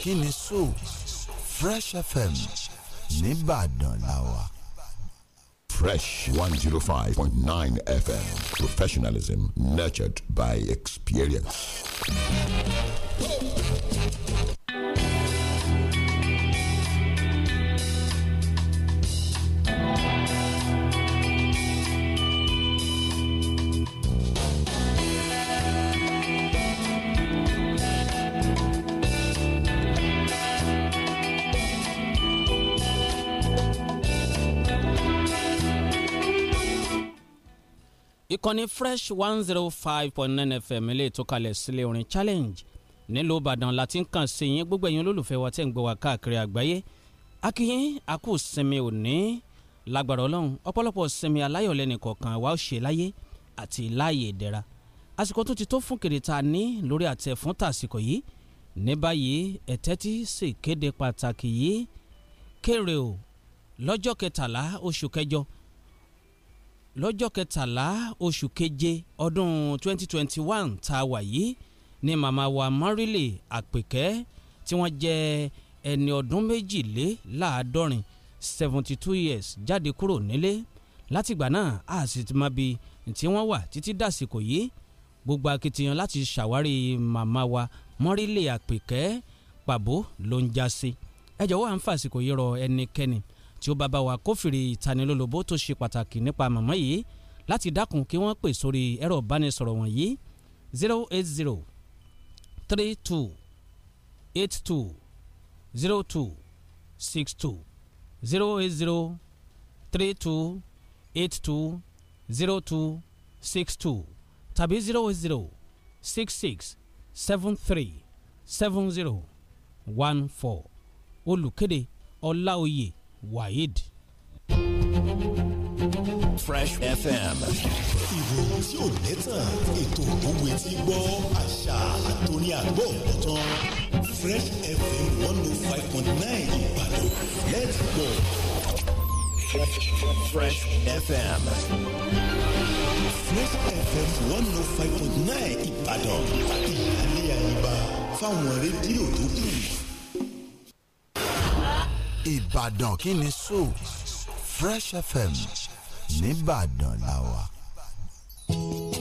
kíni so Fresh FM nìbàdàn Fresh 105.9 FM. Professionalism nurtured by experience. ìkànnì fresh one zero oh five point nine fm ilé ìtúkalẹ̀ sílé orin challenge nílùú ìbàdàn láti ń kàn sí yín gbogbo ẹ̀yin olólùfẹ́ wa tẹ̀ ń gbọ́ wa káàkiri àgbáyé akínyín àkú sinmi òní lágbára ọlọ́run ọ̀pọ̀lọpọ̀ sinmi aláyọ̀lẹ́ nìkọ̀ọ̀kan wa ó ṣe láyé àti láàyè ìdẹ̀ra àsìkò tó ti tó fún kèrèta ní lórí àtẹ fún tàsìkò yìí ní báyìí ẹ̀tẹ́tí sì kéde pàtàkì yìí kéré o lọ́jọ́ kẹtàlá oṣù kẹjọ lọ́jọ́ kẹtàlá oṣù keje ọdún 2021 tá a wà yìí ni màmá wa Marilyn Àpèkẹ́ tí wọ́n jẹ́ ẹni ọdún méjìléláàádọ́rin seventy two years jáde kúrò nílé látìgbà náà a sì ti máa bi tí wọ́n wà títí dàsìkò yìí gbogbo akitiyan láti ṣàwárí màmá wa Marilyn Àpèkẹ́ pàbó ló ń já sí ẹ jọ̀wọ́ à ń fàsìkò yìí rọ ẹnikẹ́ni tí ó bá bá wa kófìrí ìtanilólobó tó ṣe pàtàkì nípa màmá yìí láti dákun kí wọ́n pè sórí ẹ̀rọ ìbánisọ̀rọ̀ wọ̀nyí zero eight zero three two eight two zero two six two zero eight zero three two eight two zero two six two tàbí zero eight zero six six seven three seven zero one four olùkéde ọláòyè waheed. Fresh FM. ìròyìn tí ò lẹ́tàn ètò òwe tí gbọ́ àṣà àtòní àgbọ̀ ọ̀tán Fresh FM one oh five point nine Ìbàdàn let's go. Fresh FM. Fresh FM one oh five point nine Ìbàdàn ìyáálé àyíbá fáwọn rédíò tó kù. Ìbàdàn kí ni so Fresh FM nìbàdàn làwà. thank you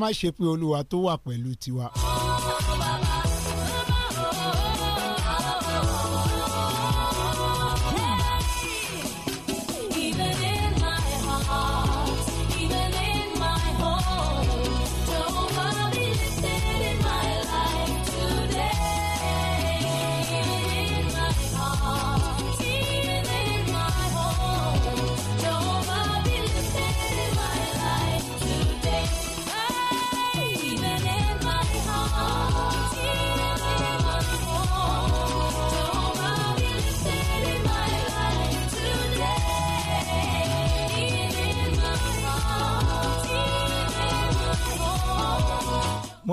má ṣe pé olúwa tó wà pẹ̀lú tiwa.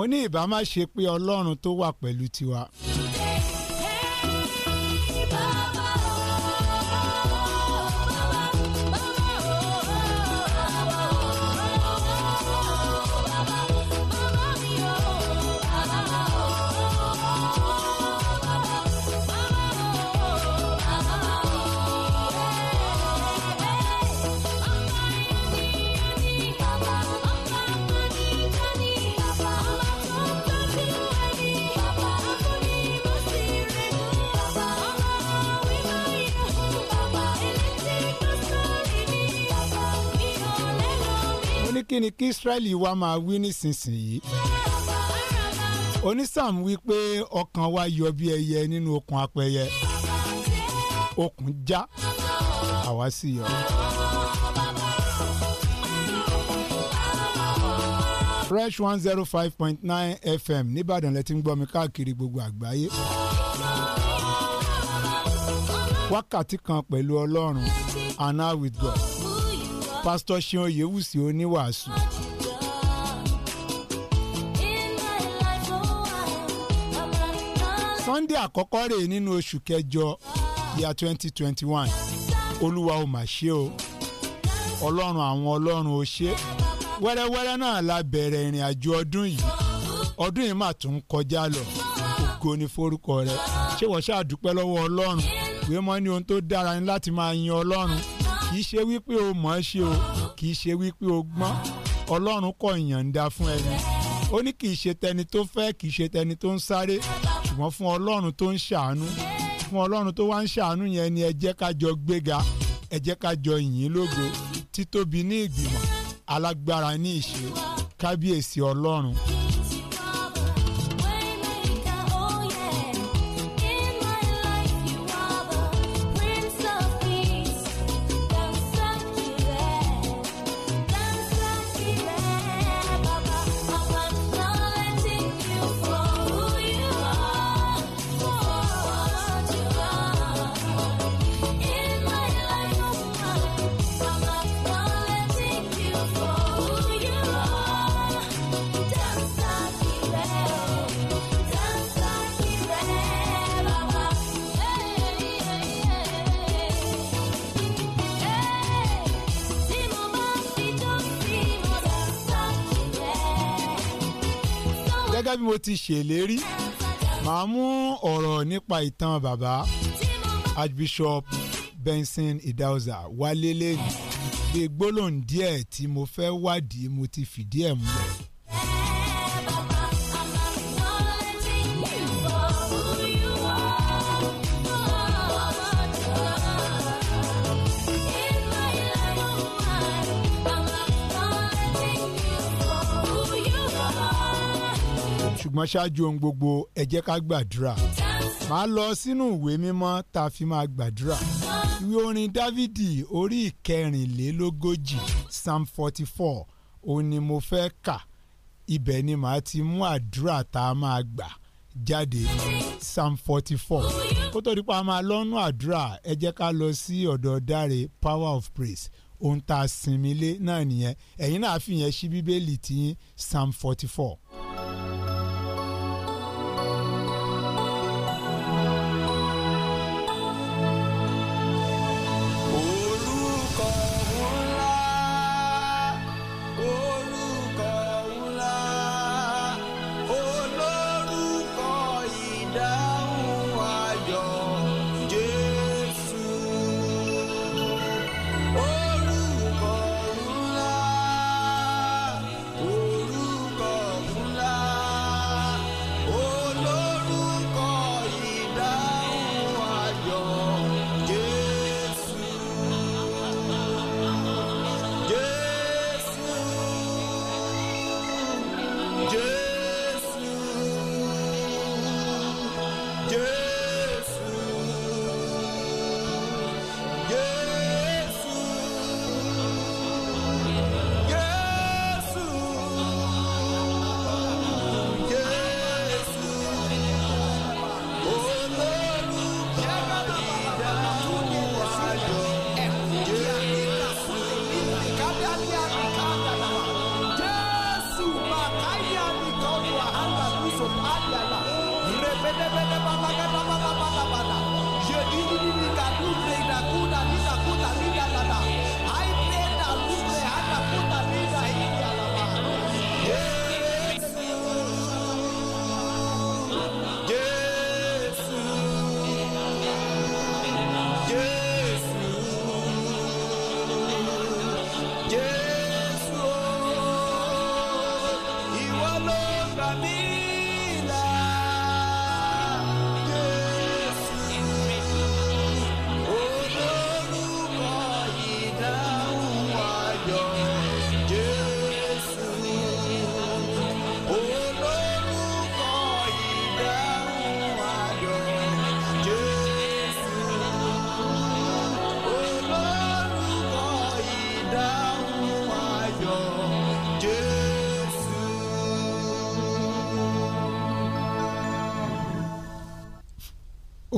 mo ní ìbá má ṣe pé ọlọ́run tó wà pẹ̀lú tiwa kí ni kí Israẹli wa máa wí nísinsìnyí onísàm wí pé ọkàn wa yọ bí ẹyẹ nínú okùn apẹyẹ okùn já àwa sì yọ. fresh one zero five point nine fm nìbàdàn lẹ ti ń gbọ́ mi káàkiri gbogbo àgbáyé. wákàtí kan pẹ̀lú ọlọ́run and now with God pásítọ̀ ṣeun oyèwùsì oníwàásù. sunday àkọ́kọ́ rèé nínú oṣù kẹjọ year twenty twenty one olúwa ò mà ṣe o ọlọ́run àwọn ọlọ́run ò ṣe wẹ́rẹ́wẹ́rẹ́ náà la bẹ̀rẹ̀ ìrìn àjò ọdún yìí ọdún yìí mà tún kọjá lọ ògo ni forúkọ rẹ ṣé wọ́n ṣáà dúpẹ́ lọ́wọ́ ọlọ́run pé mọ́ ní ohun tó dára ni láti máa yin ọlọ́run kì í ṣe wípé o mọ̀ ọ́ ṣe o kì í ṣe wípé o gbọ́n ọlọ́run kọ̀ yànda fún ẹni ó ní kì í ṣe tẹni tó fẹ́ kì í ṣe tẹni tó ń sáré ṣùgbọ́n fún ọlọ́run tó ń ṣàánú fún ọlọ́run tó wá ń ṣàánú yẹn ni ẹ jẹ́ ká jọ gbéga ẹ jẹ́ ká lógo títóbi ní ìgbìmọ̀ alágbára ní ìṣe kábíyèsí ọlọ́run. gẹ́gẹ́ bí mo ti ṣèlérí màá mú ọ̀rọ̀ nípa ìtàn bàbá Archbishop Benson Idahosa wálé lẹ́nu bí gbólóhùn díẹ̀ tí mo fẹ́ wádìí mo ti fìdí ẹ̀ múlẹ̀ ṣùgbọ́n ṣáájú ohun gbogbo ẹ jẹ́ ká gbàdúrà màá lọ sínú ìwé mímọ́ tá a fi máa gbàdúrà ìwé orin dávìdì orí ìkẹrìnlélógójì psalm forty four òun ni mo fẹ́ kà ibẹ̀ ni màá ti mú àdúrà tá a máa gbà jáde psalm forty four kó tó di pa a máa lọ́nú àdúrà ẹ jẹ́ ká lọ sí ọ̀dọ̀ dáre power of praise ohun tá a sinmi lé náà nìyẹn ẹ̀yin náà fi yẹn ṣí bíbélì tiyín psalm forty four.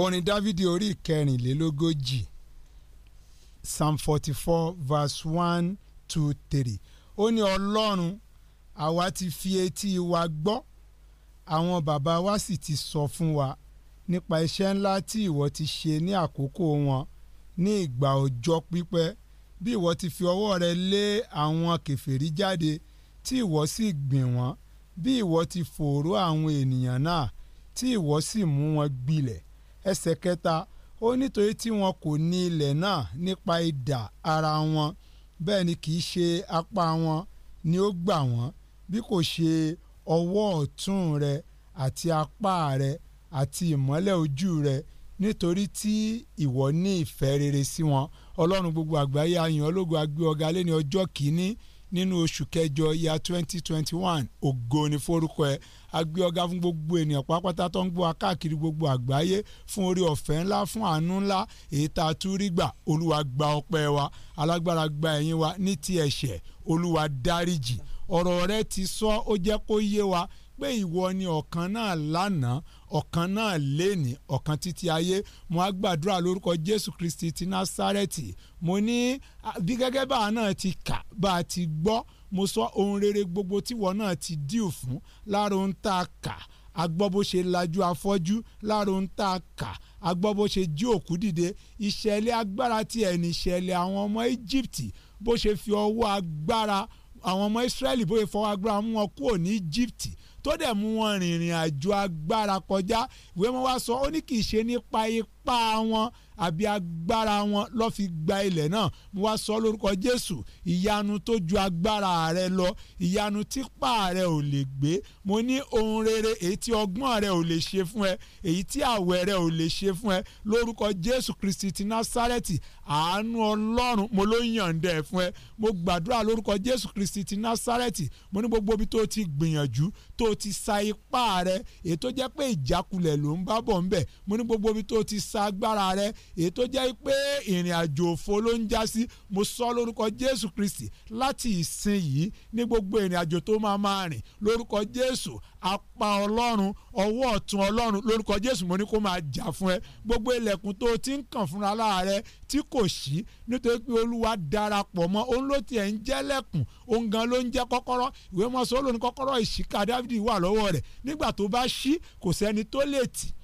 orin dávidi orí ìkẹrìnlélógójì psalm forty four verse one two three ó ní ọlọ́run àwa ti fi etí wa gbọ́ àwọn bàbá wa sì ti sọ fún wa nípa iṣẹ́ ńlá tí ìwọ ti ṣe ní àkókò wọn ní ìgbà ọjọ́ pípẹ́ bí ìwọ ti fi ọwọ́ rẹ lé àwọn kèfèrí jáde tí ìwọ sì gbìn wọ́n bí ìwọ ti fòòró àwọn ènìyàn náà tí ìwọ sì mú wọn gbilẹ̀ ẹsẹ̀ kẹta ó nítorí tí wọn kò ní ilẹ̀ náà nípa idà ara wọn bẹ́ẹ̀ ni kì í ṣe apá wọn ni ó gbà wọ́n bí kò ṣe ọwọ́ ọ̀tún rẹ àti apá rẹ àti ìmọ́lẹ̀ ojú rẹ nítorí tí ìwọ ní ìfẹ́ rere sí wọn ọlọ́run gbogbo àgbáyé ayàn ológun agbé ọ̀gá lẹ́ni ọjọ́ kìíní nínú oṣù kẹjọ ya 2021, twenty one ògo ni forúkọ ẹ agbé ọ̀gá fún gbogbo ènìyàn pápátá tó ń gbọ́ akáàkiri gbogbo àgbáyé fún orí ọ̀fẹ́ ńlá fún àánú ńlá èyí tá olúwa gba ọpẹ́ wa alágbára gba ẹ̀yìn wa ní ti ẹ̀ṣẹ̀ olúwa dáríjì ọ̀rọ̀ rẹ ti sọ ó jẹ́ kó yé wa pé ìwọ ni ọ̀kan náà lánàá ọ̀kan náà léènì ọ̀kan títí ayé mo á gbàdúrà lórúkọ Jésù Kristi ti Násárẹ́tì mo ní bí gẹ́gẹ́ bá a náà ti kà bá a ti gbọ́ mo sọ ohun rere gbogbo tíwọ náà ti díù fún lára ohun tá a kà agbọ́ bó ṣe lajú afọ́jú lára ohun tá a kà agbọ́ bó ṣe jí òkú dìde ìṣẹ̀lẹ̀ agbára ti ẹ̀ ìṣẹ̀lẹ̀ àwọn ọmọ Egypt bó ṣe fi ọwọ́ agbára àwọn ọmọ Israẹli bó ṣe fọwọ́ agbára mú wọn kúrò ní Egypt tó dẹ̀ mú wọn rìnrìn àjò agbára kọjá ìwé wọn wá sọ ó ní kì í ṣe nípa ipá wọn àbí agbára wọn lọ́ fi gba ilẹ̀ náà mo wá sọ lórúkọ Jésù ìyanu tó ju agbára rẹ lọ ìyanu típà rẹ ò lè gbé mo ní ohun rere èyí tí ọgbọ́n rẹ ò lè ṣe fún ẹ èyí tí àwẹ̀ rẹ ò lè ṣe fún ẹ lórúkọ Jésù Kristi ti Násárẹ́tì àánú Ọlọ́run mo ló yànda ẹ̀ fún ẹ mo gbàdúrà lórúkọ Jésù Kristi ti Násárẹ́tì mo ní gbogbo ibi tó ti gbìyànjú tó ti sa ipá rẹ èyí tó jẹ́ pé ìjákulẹ̀ ló ń bá bọ̀ ńbẹ̀ mo ní gbogbo ibi tó ti sa agbára rẹ èyí tó jẹ́ pé ìrìn àjò òfo ló ń já sí mo sọ lórúkọ Jésù Kristi láti ìsìn yìí ní gbogbo ìrìn àjò tó máa máa rìn lórúkọ Jésù apá Ọlọ́run ọwọ́ ọ̀tún Ọlọ́run lórúkọ Jésù mo ní kó máa jà fún ẹ gbogbo ilẹ̀kùn tó ti ń kàn fúnra láàárẹ̀ tí kò sí nítorí pé Olúwa darapọ̀ mọ́ òun ló tiẹ̀ ń jẹ́lẹ̀kùn òun gan ló ń jẹ́ kọ́kọ́rọ́ ìwé mọ́sọ́ ló kọ́kọ́rọ́ ìṣíkà Dáfídì wà lọ́wọ́ rẹ̀ nígbà tó bá ṣí kò sẹ́ni tó lè tì í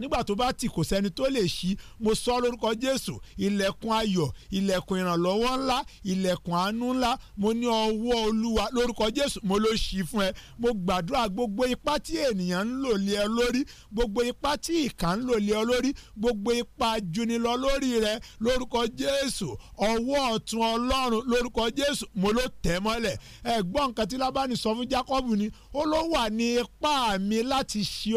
nígbà tó bá tì kò sẹ́ni tó lè ṣí mo sọ lórúkọ Jésù ilẹ̀kùn ayọ̀ ilẹ̀kùn ìrànlọ́wọ́ ńlá ilẹ̀kùn àánú ńlá mo ní ọwọ́ Olúwa lórúkọ Jésù mo ló ṣí fún ẹ mo gbàdúrà gbogbo ipá tí ènìyàn ń lò lé ọ lórí gbogbo ipá tí ìkà ń lò lé ọ lórí gbogbo ipá junilọ lórí rẹ lórúkọ Jésù ọwọ́ ọ̀tún Ọlọ́run lórúkọ Jésù mo ló tẹ̀ mọ́lẹ̀ ẹ nǹkan tí ni ó ló wà ní ipá mi láti ṣe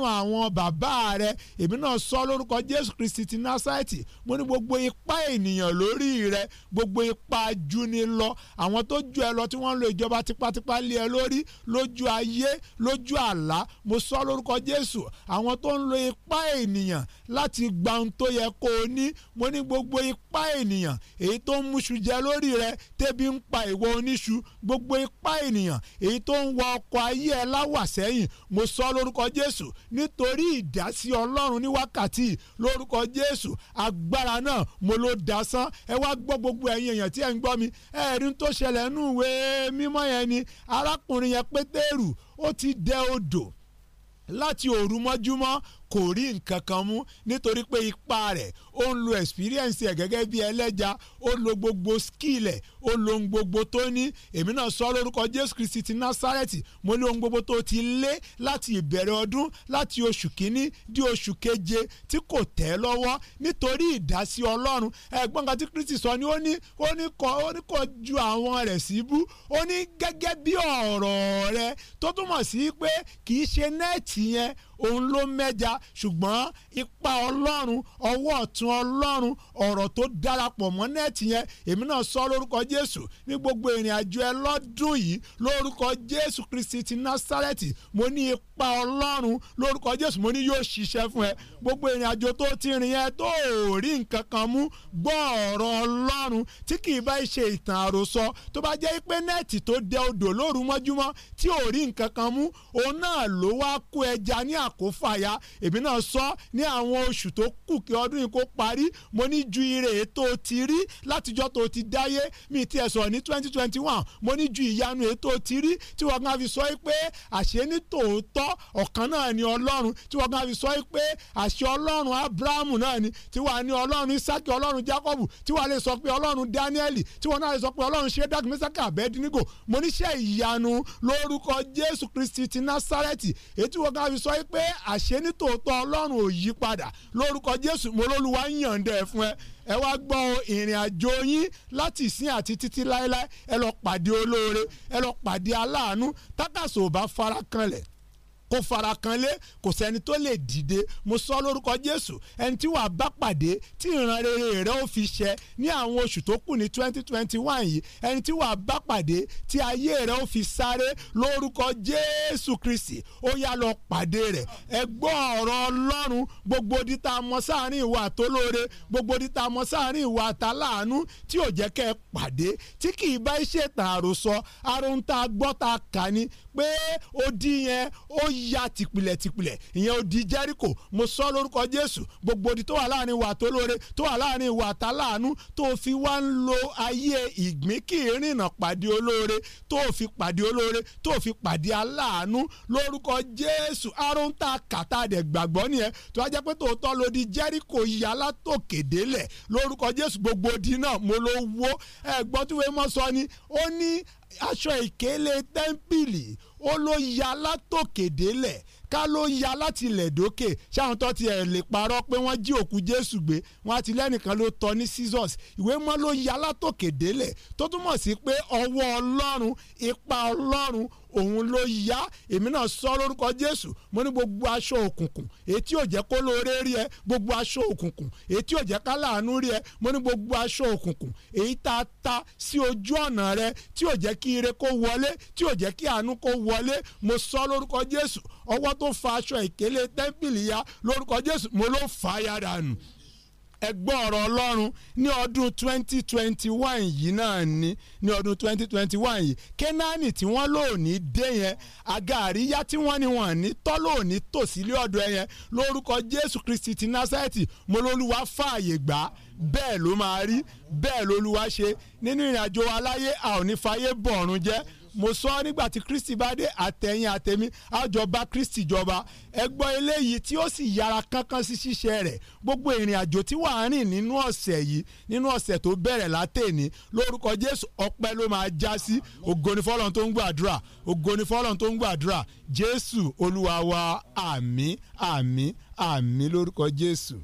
láwọn àwọn bàbá rẹ èmi náà sọ lórúkọ Jésù Kristi ti Násárẹ́tì mo ní gbogbo ipá ènìyàn lórí rẹ gbogbo ipá juni lọ àwọn tó ju ẹ lọ tí wọ́n ń lo ìjọba tipátipá lé ẹ lórí lójú ayé lójú àlá mo sọ lórúkọ Jésù àwọn tó ń lo ipá ènìyàn láti gba ohun tó yẹ kó o ní mo ní gbogbo ipá ènìyàn èyí tó ń múṣu jẹ lórí rẹ tẹ́bi ń pa ìwọ oníṣu gbogbo ipá ènìyàn èyí tó ń wa ọkọ̀ ayé ẹ láwà sẹ́yìn mo sọ lórúkọ Jésù nítorí ìdásí ọlọ́run ní wákàtí lórúkọ jésù agbára náà mo ló dasán ẹ wá gbọ́ gbogbo ẹ̀yin èèyàn tí ẹ̀ ń gbọ́ mi ẹ̀ẹ́rín tó ṣẹlẹ̀ nù ìwé mímọ́ yẹn ni arákùnrin yẹn pétérù ó ti dẹ odò láti òru mọ́júmọ́ kò rí nǹkan kan mú nítorí pé ipa rẹ̀ ó ń lo experience ẹ̀ gẹ́gẹ́ bí ẹlẹ́ja ó lo gbogbo skill ẹ̀ ó lo ohun gbogbo tó ní èmi náà sọ lórúkọ Jésù Kristi ti Násárẹ́tì mo lé ohun gbogbo tó ti lé láti ìbẹ̀rẹ̀ ọdún láti oṣù kínní di oṣù keje tí kò tẹ́ lọ́wọ́ nítorí ìdásí Ọlọ́run ẹ̀gbọ́n kan tí Kristi sọ ni ó ní ó ní kò ju àwọn rẹ̀ síbú ó ní gẹ́gẹ́ bí ọ̀rọ̀ rẹ̀ tó túmọ̀ sí pé kì í ṣe nẹ́ẹ̀tì yẹn òun ló mẹ́ja ṣùgbọ́n ipa ọlọ́run ọwọ́ ọ̀tún ọlọ́run ọ̀rọ̀ tó darapọ̀ mọ́ nẹ́ẹ̀tì yẹn èmi náà sọ lórúkọ jésù ní gbogbo ìrìn àjò ẹ lọ́dún yìí lórúkọ jésù kristi ti násárẹ́tì mo ní ipa ọlọ́run lórúkọ jésù mo ní yóò ṣiṣẹ́ fún ẹ gbogbo ìrìn àjò tó ti rìn yẹn tó ò rí nǹkan kan mú gbọ́ ọ̀rọ̀ ọlọ́run tí kì í bá ṣe ìtàn àròsọ tó bá jẹ́ pé nẹ́ẹ̀tì tó dẹ odò lóru mọ́júmọ́ tí ò rí nǹkan kan mú òun náà ló wá kó ẹja ní àkókò àkófàyà èmi náà sọ ní àwọn oṣù tó kù kí ọdún yìí kó parí mo ní ju ire ètò ti rí látijọ́ tó ti dáyé mi ti ẹ̀sọ̀ ní twenty twenty one mo ní ju ìyanu ètò ti rí tí wọ́n kàn fi sọ pé àṣẹ ní tòótọ́ ọ̀kan náà ni ọlọ́run tí wọ́n kàn fi sọ pé àṣẹ ọlọ́run abrahamu náà ni tí wàá ní ọlọ́run isaki ọlọ́run jacob tí wàá lè sọ pé ọlọ́run danieli tí wọ́n náà lè sọ pé ọlọ́run shedak mesaka abedinigo mo níṣẹ́ ìyanu lórúkọ jésù kristi ti nasareti ètí wọ́n kàn fi sọ pé pé àṣẹ nítòótọ́ ọlọ́run ò yí padà lórúkọ jésù mo lólúwa ń yànda ẹ̀ fún ẹ ẹ wá gbọ́ ìrìn àjò yín láti ìsín àti títí láéláé ẹ lọ pàdé olóore ẹ lọ pàdé aláàánú tákàsọ̀ ò bá fara kanlẹ̀ kó fara kan lé kò sẹ́ni tó lè dìde mo sọ lórúkọ Jésù ẹni tí wàá bá pàdé tí ìran rere rẹ ó fi ṣẹ ní àwọn oṣù tó kù ní twenty twenty one yìí ẹni tí wàá bá pàdé tí ayé rẹ ó fi sáré lórúkọ Jésù Kristi ó yá lọ pàdé rẹ ẹ ọ̀rọ̀ Ọlọ́run gbogbo odi tá mọ sáàrin ìwà tó lóore gbogbo odi tá mọ sáàrin ìwà tá láàánú tí ò jẹ́ kẹ́ pàdé tí kì í bá ṣètàn àròsọ àròǹtà gbọ́ta kà ní pé odi yẹn ó ya tìpìlẹ̀ tìpìlẹ̀ ìyẹn odi Jẹ́ríkò mo sọ lórúkọ Jésù gbogbo odi tó wà láàrin ìwà tó lóore tó wà láàrin ìwà tá láàánú tó fi wá ń lo ayé ìgbín kí ìrìnà pàdé olóore tó fi pàdé olóore tó fi pàdé aláàánú lórúkọ Jésù arún tá a kà dẹ̀ gbàgbọ́ nìyẹn tó a jẹ́ pé tòótọ́ lodi Jẹ́ríkò ya látòkè délẹ̀ lórúkọ Jésù gbogbo odi náà mo ló wó ẹ̀gbọ́n tí wọ́n mọ̀ sọ ni ó ní aṣọ ìkélé tẹ́ḿpìlì ó ló ya látòkèdélẹ̀ ká ló ya láti ilẹ̀ dókè ṣáwọn tó tiẹ̀ lè parọ́ pé wọ́n jí òkú jésù gbé wọn àti lẹ́nìkan ló tọ́ ní scissors ìwé mọ́ ló ya látòkèdélẹ̀ tó túmọ̀ sí pé ọwọ́ ọlọ́run ipa ọlọ́run òun ló yá èmi náà sọ lórúkọ Jésù mo ní gbogbo aṣọ òkùnkùn etí ò jẹ́ kó lóore rí ẹ gbogbo aṣọ òkùnkùn etí ò jẹ́ ká láàánú rí ẹ mo ní gbogbo aṣọ òkùnkùn èyí tá a ta sí ojú ọ̀nà rẹ tí ò jẹ́ kí ire kó wọlé tí ò jẹ́ kí àánú kó wọlé mo sọ lórúkọ Jésù ọwọ́ tó fa aṣọ ìkélé tẹ́ḿpìlì ya lórúkọ Jésù mo ló fà á yára nù ẹgbọ́ ọ̀rọ̀ ọlọ́run ní ọdún 2021 yìí náà ní ní ọdún 2021 yìí kẹ́nání tí wọ́n lò ní dé yẹn agàríyá tí wọ́n ní wọ́n ní tọ́ lò ní tòsílẹ̀ ọ̀dọ̀ yẹn lórúkọ jésù kristi ti násẹ́ẹ̀tì mo lólúwa fààyè gbà bẹ́ẹ̀ ló máa rí bẹ́ẹ̀ lólúwa ṣe nínú ìrìnàjò aláyé a ò ní jẹ́ mo sọ nígbà tí kristi bá dé àtẹ̀yìn àtẹ̀mí àjọba kristi jọba ẹ gbọ́ eléyìí tí ó sì yára kánkán sí ṣíṣe rẹ̀ gbogbo ìrìn àjò tí wàá rìn nínú ọ̀sẹ̀ yìí nínú ọ̀sẹ̀ tó bẹ̀rẹ̀ látẹ̀ni lórúkọ jésù ọpẹ́ ló máa já sí ògo ni fọ́lọ́run tó ń gbàdúrà ògo tó ń gbàdúrà jésù olúwa wa àmín àmín àmín lórúkọ jésù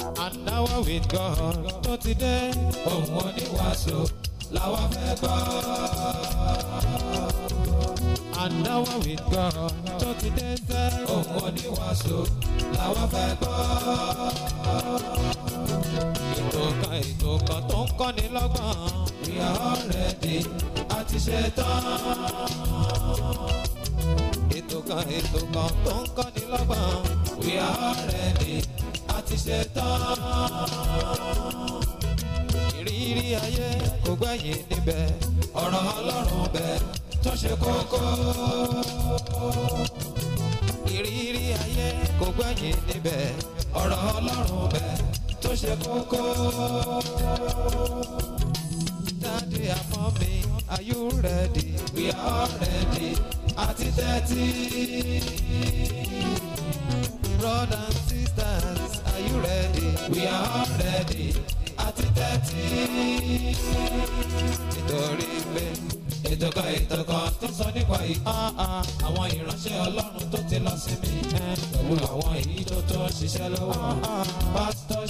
and hour with God tó ti dé. Òun oníwàásù làwa fẹ́ gbọ́. And hour with God tó ti dé sẹ́. Òun oníwàásù làwa fẹ́ gbọ́. Ètò kan ètò kan tó ń kọ́ni lọ́gbọ̀n. We are already àti ṣetán. Ètò kan ètò kan tó ń kọ́ni lọ́gbọ̀n. We are already àti ṣetán. ìrírí ayé kò gbẹ̀yìn níbẹ̀ ọ̀rọ̀ ọlọ́run bẹ̀ tó ṣe kókó. ìrírí ayé kò gbẹ̀yìn níbẹ̀ ọ̀rọ̀ ọlọ́run bẹ̀ tó ṣe kókó. dáàdi àmọ́ mi are you ready? we are ready àti tẹ́tí brothers and sisters, are you ready? We are all ready. Àti tẹ́tí. Nítorí pé ètò kan ètò kan tó sọ nípa ìhàn àwọn ìránṣẹ́ Ọlọ́run tó ti lọ sí mi. Pẹ̀lú àwọn ìyíjó tó ń ṣiṣẹ́ lọ́wọ́. Pásítọ̀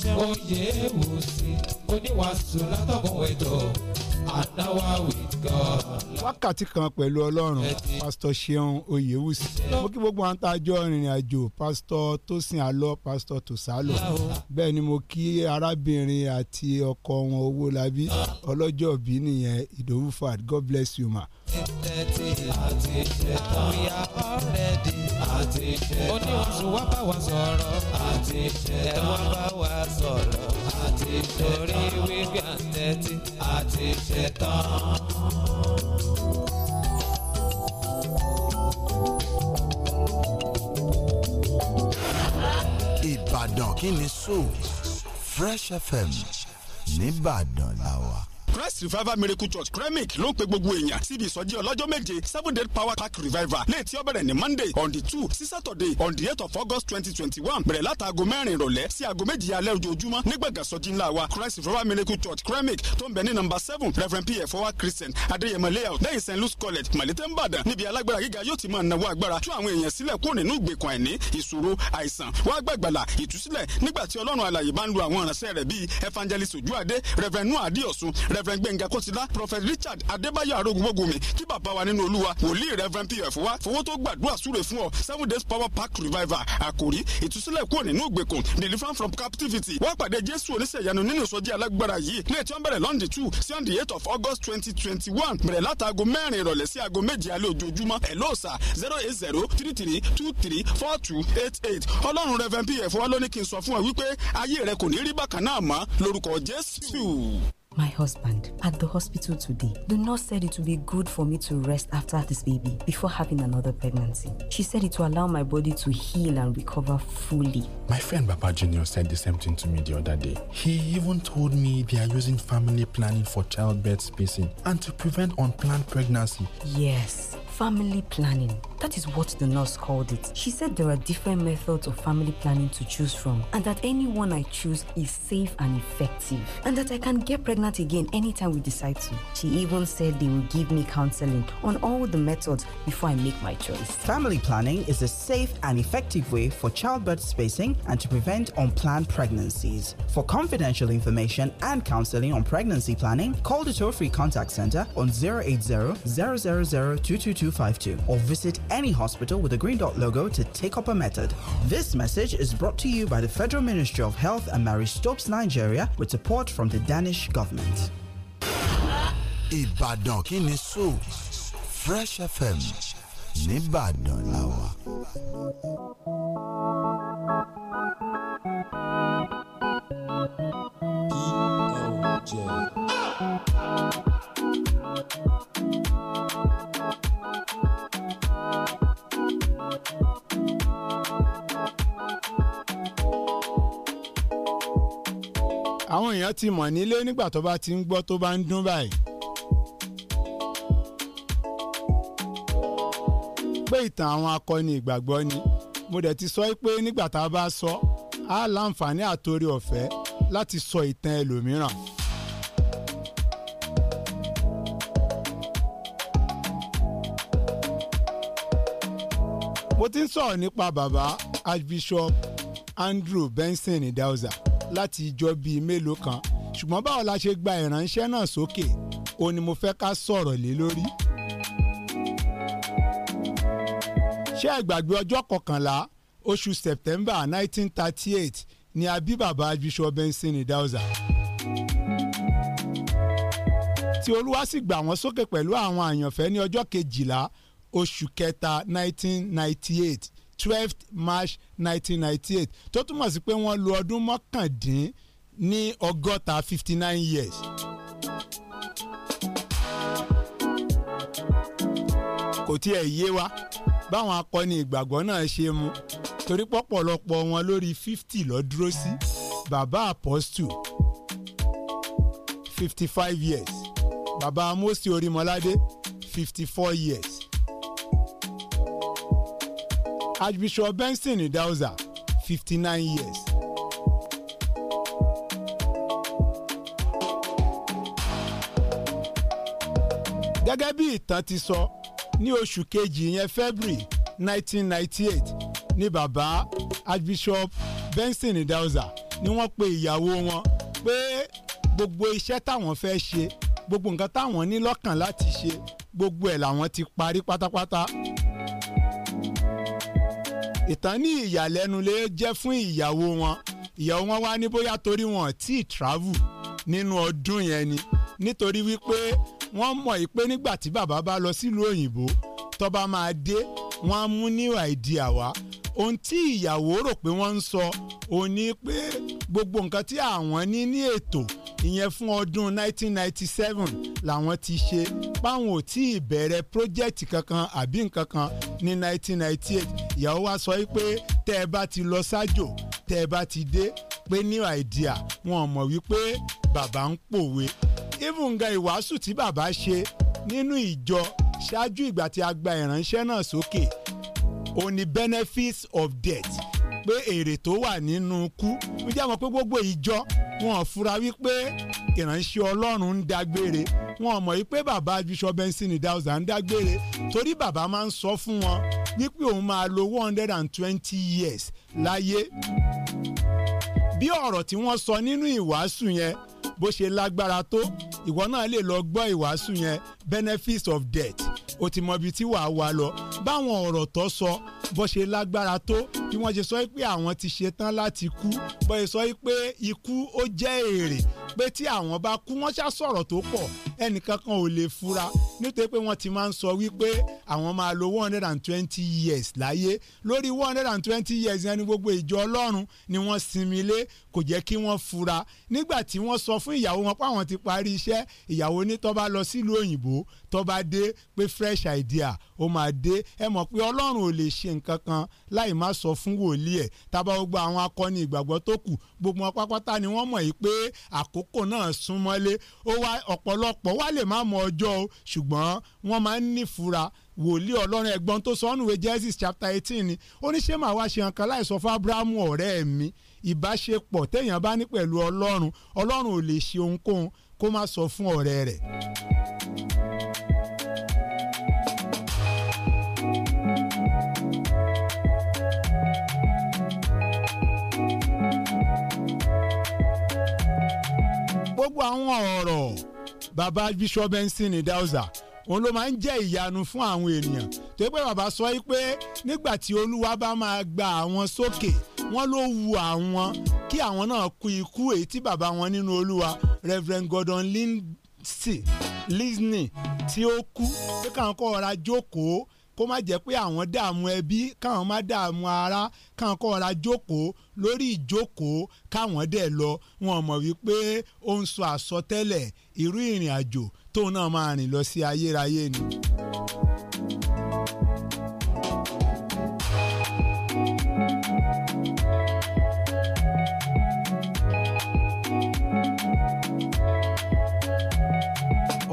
ṣe oyè wò sí oníwàásù látọ̀kùn ètò. Adáwà with God wákàtí kan pẹ̀lú ọlọ́run pásítọ̀ ṣeun oyèwùsì mo kí gbogbo àwọn tá a jọ rìnrìn àjò pásítọ̀ tósìn àlọ́ pásítọ̀ tòsálọ̀ bẹ́ẹ̀ ni mo kí arábìnrin àti ọkọ wọn owólabí ọlọ́jọ́ bí nìyẹn ìdòwú fad god bless you ma. tẹ́tí àti ṣẹ̀tàn we are àti ṣẹ̀tàn oníwọ̀nsùn wá bá wa sọ̀rọ̀ àti ṣẹ̀tàn ẹ̀wọ̀n bá wa sọ̀rọ̀ àti ṣẹ̀tàn torí wípé retí àti ṣetán. Ìbàdàn kí ni sọ Fresh FM nìbàdàn làwà christ revival miracle church kremik ló ń pe gbogbo èèyàn síbi ìsọjí ọlọ́jọ́ méje seven day power pack revival lè tí ó bẹ̀rẹ̀ ní monday on the two sí saturday on the eight of august twenty twenty one bẹ̀rẹ̀ látàgọ́ mẹ́rin ìrọ̀lẹ́ sí aago méjì alẹ́ ojoojúmọ́ nígbàgà sọjí ńlá wa christ revival miracle church kremik tó ń bẹ ní number seven reverend pf fowa christian adéyẹmọ layout lẹ́yìn st louis college malete nbàdàn níbi alágbára gíga yóò ti máa nawó agbára tú àwọn èèyàn sílẹ̀ kúrò nínú ìgbèkùn àìní ìṣòro àìsàn wá evangelist ojú reverend noah adéọ̀sùn reverend gbẹ̀ngà kọ́sílá prophet richard adébáyọ̀ arógunmógunmi kí bàbá wa nínú olúwa wòlíì reverend pf wa fowó tó gbàdúrà súre fún ọ seven days power pack revival àkòrí ìtúsílẹ̀ kúrò nínú ìgbèkùn deliverance from captivity wá pàdé jésù oníṣẹ̀yanu nínú ìsọjí alágbára yìí ní ètò ọ̀bẹ̀rẹ̀ lọ́ndì two sí the eight of august twenty twenty one bẹ̀rẹ̀ látàgò mẹ́rin ìrọ̀lẹ́ sí aago méje alẹ́ ojoojúmọ́ ẹ̀lọ́ọ̀sà zero eight zero three three two three four two eight eight ọlọ́run reverend pf wa ló ní kí n sọ fún ọ wípé ayé rẹ kò ní rí bákan náà mọ́ lórúkọ jésù. My husband, at the hospital today, the nurse said it would be good for me to rest after this baby before having another pregnancy. She said it will allow my body to heal and recover fully. My friend Baba Junior said the same thing to me the other day. He even told me they are using family planning for childbirth spacing and to prevent unplanned pregnancy. Yes family planning. That is what the nurse called it. She said there are different methods of family planning to choose from, and that any one I choose is safe and effective, and that I can get pregnant again anytime we decide to. She even said they will give me counseling on all the methods before I make my choice. Family planning is a safe and effective way for childbirth spacing and to prevent unplanned pregnancies. For confidential information and counseling on pregnancy planning, call the toll free contact center on 080 000 222 252 or visit any hospital with a green dot logo to take up a method. This message is brought to you by the Federal Ministry of Health and Mary Stops Nigeria with support from the Danish government. Ibadan Fresh FM nìbàdàn àwọn èèyàn ti mọ̀ nílé nígbà tó bá ti ń gbọ́ tó bá ń dún báyìí. pé ìtàn àwọn akọni ìgbàgbọ́ ni mo dẹ̀ ti sọ pé nígbà tá a bá sọ á láǹfààní àtòrí ọ̀fẹ́ láti sọ ìtàn ẹlòmíràn. mo ti ń sọ̀rọ̀ nípa bàbá Archbishop Andrew Benson Idauza láti ìjọ bíi mélòó kan ṣùgbọ́n báwo la ṣe gba ìránṣẹ́ náà sókè òun ni mo fẹ́ ká sọ̀rọ̀ lé lórí. ṣé ìgbàgbé ọjọ́ kọkànlá oṣù September nineteen thirty eight ni a bí bàbá Bishop Benson Idahosa tí olúwa sì gbà wọ́n sókè pẹ̀lú àwọn àyànfẹ́ ní ọjọ́ kejìlá oṣù kẹta nineteen ninety eight twelfth march nineteen ninety eight tó túmọ̀ sí pé wọ́n lo ọdún mọ́kàndín ní ọgọ́ta fifty nine years. kò tiẹ̀ yé wa báwọn akọni ìgbàgbọ́ náà ṣe mu torí pọ̀pọ̀lọpọ̀ wọn lórí fifty lọ dúró sí bàbá apostle fifty five years bàbá Mósè Orímọládé fifty four years Archbishop Benson Idauza fifty nine years. gẹ́gẹ́ bí ìtàn ti sọ ní oṣù kejì yẹn February nineteen ninety eight ni bàbá Archbishop Benson Idauza ni wọ́n pe ìyàwó wọn pé gbogbo iṣẹ́ táwọn fẹ́ ṣe gbogbo nǹkan táwọn ní lọ́kàn láti ṣe gbogbo ẹ̀ làwọn ti parí pátápátá ìtàn ní ìyàlẹ́nu lè jẹ́ fún ìyàwó wọn ìyàwó wọn wá ní bóyá torí wọn tí travel nínú ọdún yẹn ni nítorí wípé wọ́n mọ̀ pé nígbà tí bàbá bá lọ sílùú òyìnbó tó bá máa dé wọ́n á mú ní àìdíà wá ohun tí ìyàwó rò pé wọ́n ń sọ òun ni pé gbogbo nǹkan tí àwọn ní ní ètò ìyẹn fún ọdún 1997 làwọn ti ṣe páwọn ò tí ì bẹ̀rẹ̀ project kankan àbí nǹkan kan ní 1998 ìyàwó wa sọ pé tẹ́ ẹ bá ti lọ sájò tẹ́ ẹ bá ti dé pé new idea wọn mọ̀ wípé bàbá ń pòwe even gan ìwàásù tí bàbá ṣe nínú ìjọ ṣáájú ìgbà tí a gba ìránṣẹ́ náà sókè ó ní benefits of death pé èrè tó wà nínú kú mo jẹ́ àwọn pé gbogbo ìjọ wọn ò fura wípé ìránṣẹ́ ọlọ́run ń dágbére wọn ò mọ̀ wípé bàbá Bishop Benson Idahosa ń dágbére torí bàbá máa ń sọ fún wọn wípé òun máa lo one hundred and twenty years láyé bí ọ̀rọ̀ tí wọ́n sọ nínú ìwàásù yẹn bó ṣe lágbára tó ìwọ náà lè lọ gbọ́ ìwàásù yẹn benefits of death. o ti mọ ibi tí wàá wà lọ báwọn ọ̀rọ̀ tó sọ bó ṣe lágbára tó bí wọ́n ṣe sọ pé àwọn ti ṣe tán láti kú bó ṣe sọ pé ikú ó jẹ́ èrè pé tí àwọn bá kú wọ́n ṣá sọ̀rọ̀ tó pọ̀ ẹnìkankan ò lè fura nítorí pé wọ́n ti máa ń sọ wípé àwọn máa lo one hundred and twenty years láyé lórí one hundred and twenty years yẹn ni gbogbo ìjọ ọlọ́run ni wọ́n sinmi lé kò jẹ́ kí wọ́n fura nígbà tí wọ́n sọ fún ìyàwó wọn pé àwọn ti parí iṣẹ́ ìyàwó ní bá lọ sílùú òyìnbó wò tó bá dé pé fresh idea ó máa dé ẹ mọ̀ pé ọlọ́run ò lè ṣe nǹkan kan láì má sọ fún wòlíì ẹ̀ tábà ó gba àwọn akọni ìgbàgbọ́ tó kù gbogbo wọn pápátá ni wọ́n mọ̀ yìí pé àkókò náà súnmọ́lé ó wá ọ̀pọ̀lọpọ̀ wá lè má mọ ọjọ́ o ṣùgbọ́n wọ́n máa ń nífura wòlíì ọlọ́run ẹ̀gbọ́n tó sọ ọ́nù ìwé Genesis chapter eighteen ni ó ní ṣé màá wá ṣe nǹkan láì sọ fún Abrahamu ọ̀rẹ́ mi ìbáṣepọ̀ téèyàn bá ní pẹ̀lú ọlọ́run ọlọ́run ò lè ṣe ohunkóhun kó má sọ fún ọ̀rẹ́ rẹ̀. gbogbo àwọn ọ̀rọ̀ bàbá Bishop Benson Dauza òun ló máa ń jẹ́ ìyanu fún àwọn ènìyàn tó pé bàbá sọ wípé nígbà tí Olúwa bá máa gba àwọn sókè. So wọ́n ló wu àwọn kí àwọn náà kú ikú èyí tí bàbá wọn nínú olúwa Reverend Gordon Lindsay Lindsay tí ó kú pé káwọn kọ́ ọ̀ra jókòó kó má jẹ́ pé àwọn dààmú ẹbí káwọn má dààmú ara káwọn kọ́ ọ̀ra jókòó lórí ìjókòó káwọn dẹ̀ lọ wọn mọ̀ wípé ó ń sọ àsọtẹ́lẹ̀ irú ìrìn àjò tóun náà máa rìn lọ sí ayérayé ni.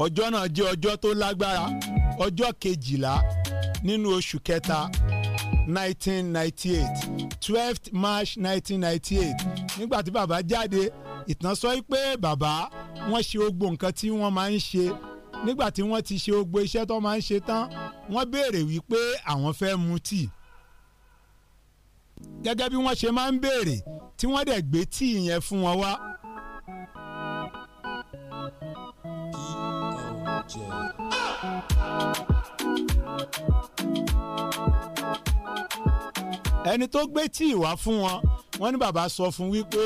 ọjọ́ náà jẹ́ ọjọ́ tó lágbára ọjọ́ kejìlá nínú oṣù kẹta 1998 twelfth march 1998 nígbà tí bàbá jáde ìtàn sọ pé bàbá wọ́n ṣe gbogbo nǹkan tí wọ́n máa ń ṣe nígbà tí wọ́n ti ṣe gbogbo iṣẹ́ tó máa ń ṣe tán wọ́n béèrè wípé àwọn fẹ́ mu tíì gẹ́gẹ́ bí wọ́n ṣe máa ń béèrè tí wọ́n dẹ̀ gbé tíì yẹn fún wọn wá jẹ́ o. ẹni tó gbé tíì wá fún wọn wọ́n ní bàbá sọ fún wípé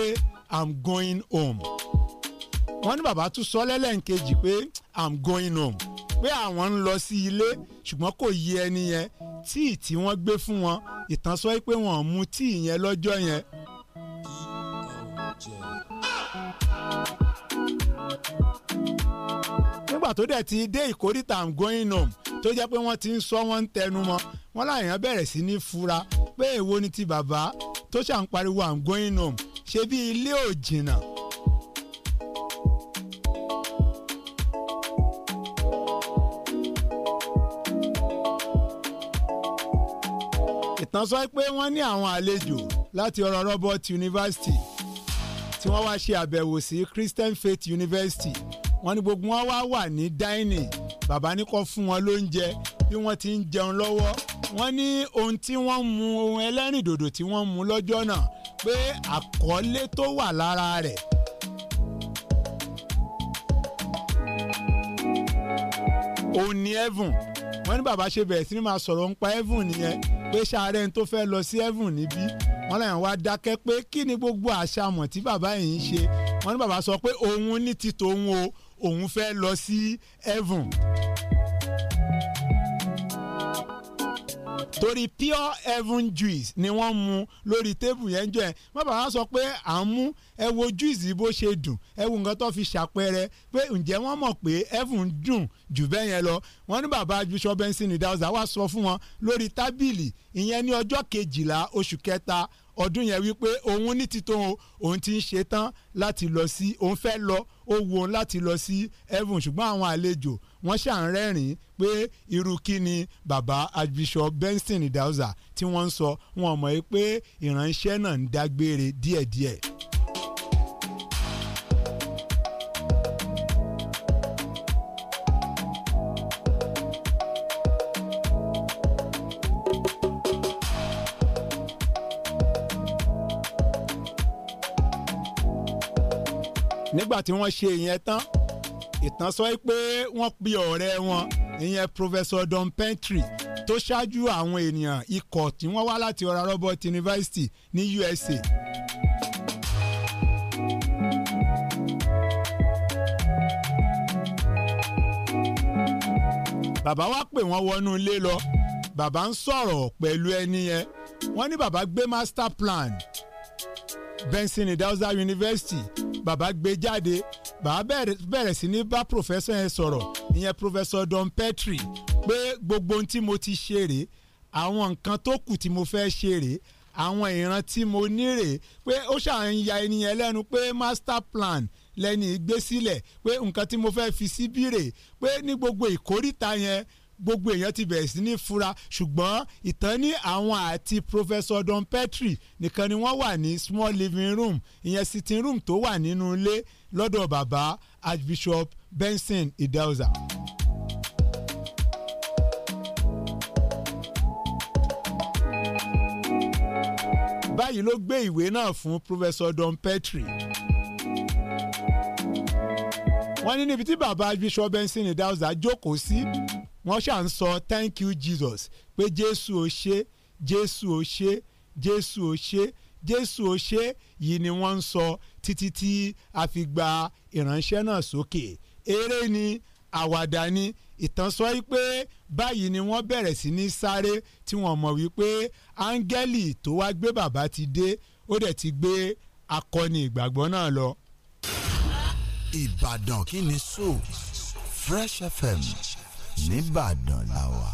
i'm going home wọ́n ní bàbá tún sọ lẹ́lẹ́ǹkejì pé i'm going home pé àwọn ń lọ sí ilé ṣùgbọ́n kò yé ẹni yẹn tíì tí wọ́n gbé fún wọn ìtàn sọ pé wọ́n mu tíì yẹn lọ́jọ́ yẹn. bí ẹ nígbà tó dẹ̀ ti dé ìkórìtà i'm going home tó jẹ́ pé wọ́n ti ń sọ wọ́n ń tẹnu mọ́ wọ́n láyàn bẹ̀rẹ̀ sí ní fura pé èwo ni ti bàbá tó ṣàn pariwo i'm going home ṣe bí ilé ò jìnnà. ìtàn sọ pé wọ́n ní àwọn àlejò láti ọ̀rọ̀ Robert University tí wọ́n wá ṣe àbẹ̀wò sí Christian Faith University wọ́n ní gbogbo wọn wá wà ní dáínì bàbá ní kó fún wọn lóúnjẹ bí wọ́n ti ń jẹun lọ́wọ́ wọ́n ní ohun tí wọ́n mu ohun ẹlẹ́rìndòdò tí wọ́n mu lọ́jọ́ náà pé àkọlé tó wà lára rẹ̀ òun ni heaven wọ́n ní bàbá ṣe bẹ̀rẹ̀ sí ni máa sọ̀rọ̀ ń pa heaven nìyẹn pé ṣàárẹ̀ ń tó fẹ́ lọ sí heaven níbí wọ́n lẹ́yìn wá dákẹ́ pé kí ni gbogbo àṣàmọ̀ tí bàbá yìí ń ṣe wọ́n ní bàbá sọ pé òun ní ti tòun o òun fẹ́ lọ sí heaven. torí pure heaven juice ni wọ́n mu lórí tébù yẹn jọ ẹ̀ má bàa wá sọ pé à ń mú ẹ wo juice bó ṣe dùn ẹ wo nǹkan tó fi ṣàpẹẹrẹ pé ǹjẹ́ wọ́n mọ̀ pé heaven dùn jù bẹ́ẹ̀ yẹn lọ wọ́n ní bàbá Bishop Benson Idahosa wá sọ fún wọn lórí tábìlì ìyẹn ní ọjọ́ kejìlá oṣù kẹta ọdún yẹn wípé òun ní titun òun ti ń ṣe tán láti lọ sí òun fẹ́ lọ ó wu òun láti lọ sí heaven ṣùgbọ́n àwọn àlejò wọ́n ṣàǹrẹ́rìn pé irú kí ni bàbá Archbishop Benson Idahosa tí wọ́n ń sọ wọn mọ̀ pé ìránṣẹ́ náà ń dágbére díẹ̀díẹ̀. nígbà tí wọ́n ṣe ìyẹn tán ìtàn sọ pé wọ́n pe ọ̀rẹ́ wọn ìyẹn Professor Don Pentry tó ṣáájú àwọn ènìyàn ikọ̀ tí wọ́n wá láti Oral Roberts University ní USA. bàbá wa pè wọ́n wọnú ilé lọ bàbá ń sọ̀rọ̀ pẹ̀lú ẹni yẹn wọ́n ní bàbá gbé master plan Benson Idauza University bàbá gbé jáde bàbá bẹ̀rẹ̀ sí ní bá professor yẹn sọ̀rọ̀ ìyẹn professor Don Petri pé gbogbo ohun tí mo ti ṣe rèé àwọn nǹkan tó kù tí mo fẹ́ ṣe rèé àwọn ìran tí mo nírè pé ó ṣàn ya ènìyàn lẹ́nu pé master plan lẹ́ni gbé sílẹ̀ pé nǹkan tí mo fẹ́ fi síbí rè pé ní gbogbo ìkórìtà yẹn gbogbo èèyàn ti bẹ̀rẹ̀ sí ní fura ṣùgbọ́n ìtàn ní àwọn àti Professor Donpetri nìkan ni wọ́n wà ní small living room ìyẹn sitting room tó wà nínú ilé lọ́dọ̀ bàbá Archbishop Benson Idelza. báyìí ló gbé ìwé náà fún Professor Donpetri wọ́n ní níbi tí bàbá Archbishop Benson Idelza jókòó sí. Si wọ́n ṣà ń sọ thank you Jesus pé Jésù o ṣé Jésù o ṣé Jésù o ṣé Jésù o ṣé yìí ni wọ́n ń sọ títí tí a fi gba ìránṣẹ́ náà sókè eré ni àwàdà ni ìtàn sọ wípé báyìí ni wọ́n bẹ̀rẹ̀ sí ní sáré tí wọ́n mọ̀ wípé áńgẹ́lì tó wá gbé bàbá ti dé ó dẹ̀ ti gbé akọni ìgbàgbọ́ náà lọ. Ìbàdàn kí ni so Fresh FM nìbàdàn làwà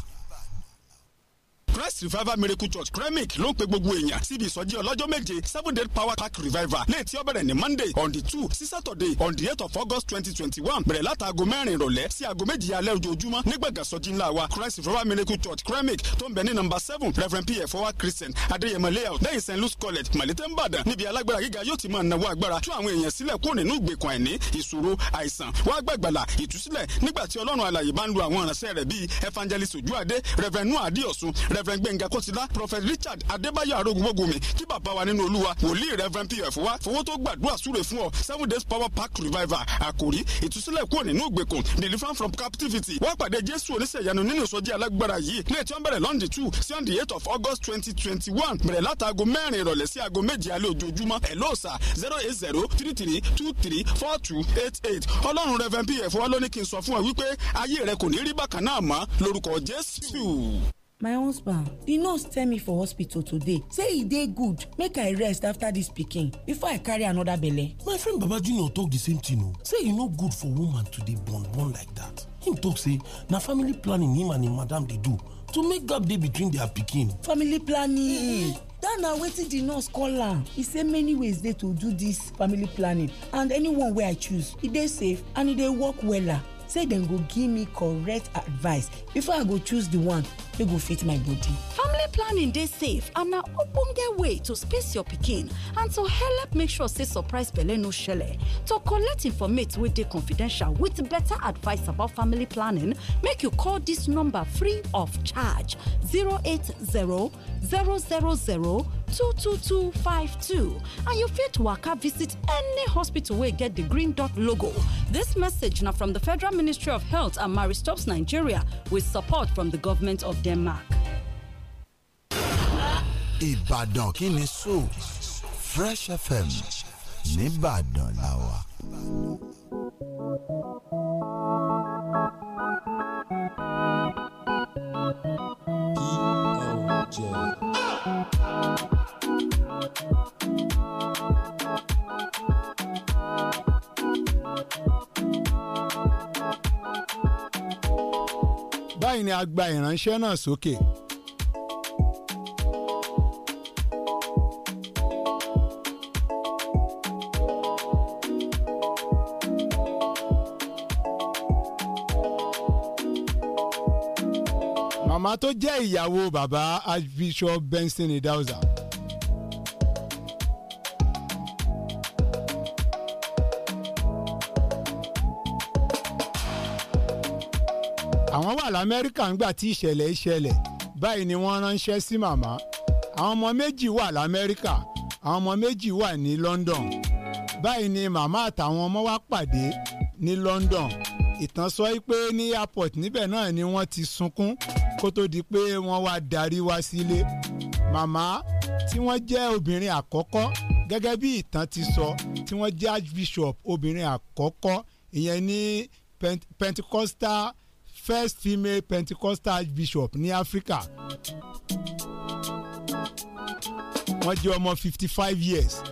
christ revival miracle church kremik ló ń pe gbogbo èèyàn síbi ìsọjí ọlọ́jọ́ méje seven day power pack revival léè tí ó bẹ̀rẹ̀ ní monday on the two sí saturday on the eight of august twenty twenty one bẹ̀rẹ̀ látàgọ́ mẹ́rin ìrọ̀lẹ́ sí aago méjì alẹ́ ojoojúmọ́ nígbàgà sọjí ńlá wa christ revival miracle church kremik tó ń bẹ ní number seven reverend pf fowa christian adéyẹmọ layout lẹ́yìn st louis college malete nbàdàn níbi alágbára gíga yóò ti máa nawọ́ agbára tú àwọn èèyàn sílẹ̀ kúrò nínú ìgbèkùn àìní ìṣòro àìsàn wá gbàgbàlà ìtúsílẹ̀ nígbà tí ọlọ́run alàyè bá ń lo àwọn ìránṣẹ́ rẹ̀ bíi evangelist ojú adé reverend noah adéọ̀sùn rev reverend gbẹ̀ngà kọ́sílá prophet richard adébáyọ̀ arógunmọ́gunmi kí bàbá wa nínú olúwa wòlíì reverend pf wa fowó tó gbàdúrà súre fún ọ seven days power pack revival àkòrí ìtúsílẹ̀ kúrò nínú ìgbèkùn deliverance from captivity wá pàdé jésù oníṣẹ̀yanu nínú ìsọjí alágbára yìí ní ètò ọ̀bẹ̀rẹ̀ london two sí the eight of august twenty twenty one bẹ̀rẹ̀ látàgò mẹ́rin ìrọ̀lẹ́ sí aago méje alẹ́ ojoojúmọ́ ẹ̀ zero eight zero three three two three four two eight eight ọlọ́run reverend pf wa ló ní kí n sọ fún ọ wípé ayé rẹ kò ní rí bákan náà mọ́ lórúkọ jésù my husband the nurse tell me for hospital today say e dey good make i rest after this pikin before i carry another belle. my friend baba junior talk the same thing o oh. say e no good for woman to dey born born like that him talk say na family planning him and him madam dey do to make gap dey between their pikin. family planning. Mm. dat na wetin di nurse call am He say many ways dey to do this family planning and any one wey i choose e dey safe and e dey work wella. say dem go give me correct advice before i go choose the one wey go fit my body. family planning dey safe and na ogbonge way to space your pikin and to helep make sure say surprise belle no shele to collect informate wey dey confidential with better advice about family planning make you call this number free of charge 080 22252 and you fit waka visit any hospital wey get the green dot logo. This message na from the Federal Ministry of Health and Maristops Nigeria with support from the government of Denmark. Ìbàdàn kí ni so Fresh FM nìbàdàn làwà. Thank you. ni a gba ìránṣẹ́ náà sókè. màmá tó jẹ́ ìyàwó bàbá Archbishop Benson Idauza. wà lamẹ́ríkà ńgbà tí ìṣẹ̀lẹ̀ ìṣẹ̀lẹ̀ báyìí ni wọ́n ránṣẹ́ sí màmá àwọn ọmọ méjì wà lamẹ́ríkà àwọn ọmọ méjì wà ní London báyìí ni màmá àtàwọn ọmọ wa pàdé ní London ìtàn sọ pé ní airport níbẹ̀ náà ni wọ́n ti sunkún kó tó di pé wọ́n wá darí wá sílé màmá tí wọ́n jẹ́ obìnrin àkọ́kọ́ gẹ́gẹ́ bí ìtàn ti sọ tí wọ́n jẹ́ archbishop obìnrin àkọ́kọ́ ìyẹn ní Pentecostal first female pentecostal bishop ní Africa. wọ́n jẹ́ ọmọ fifty five years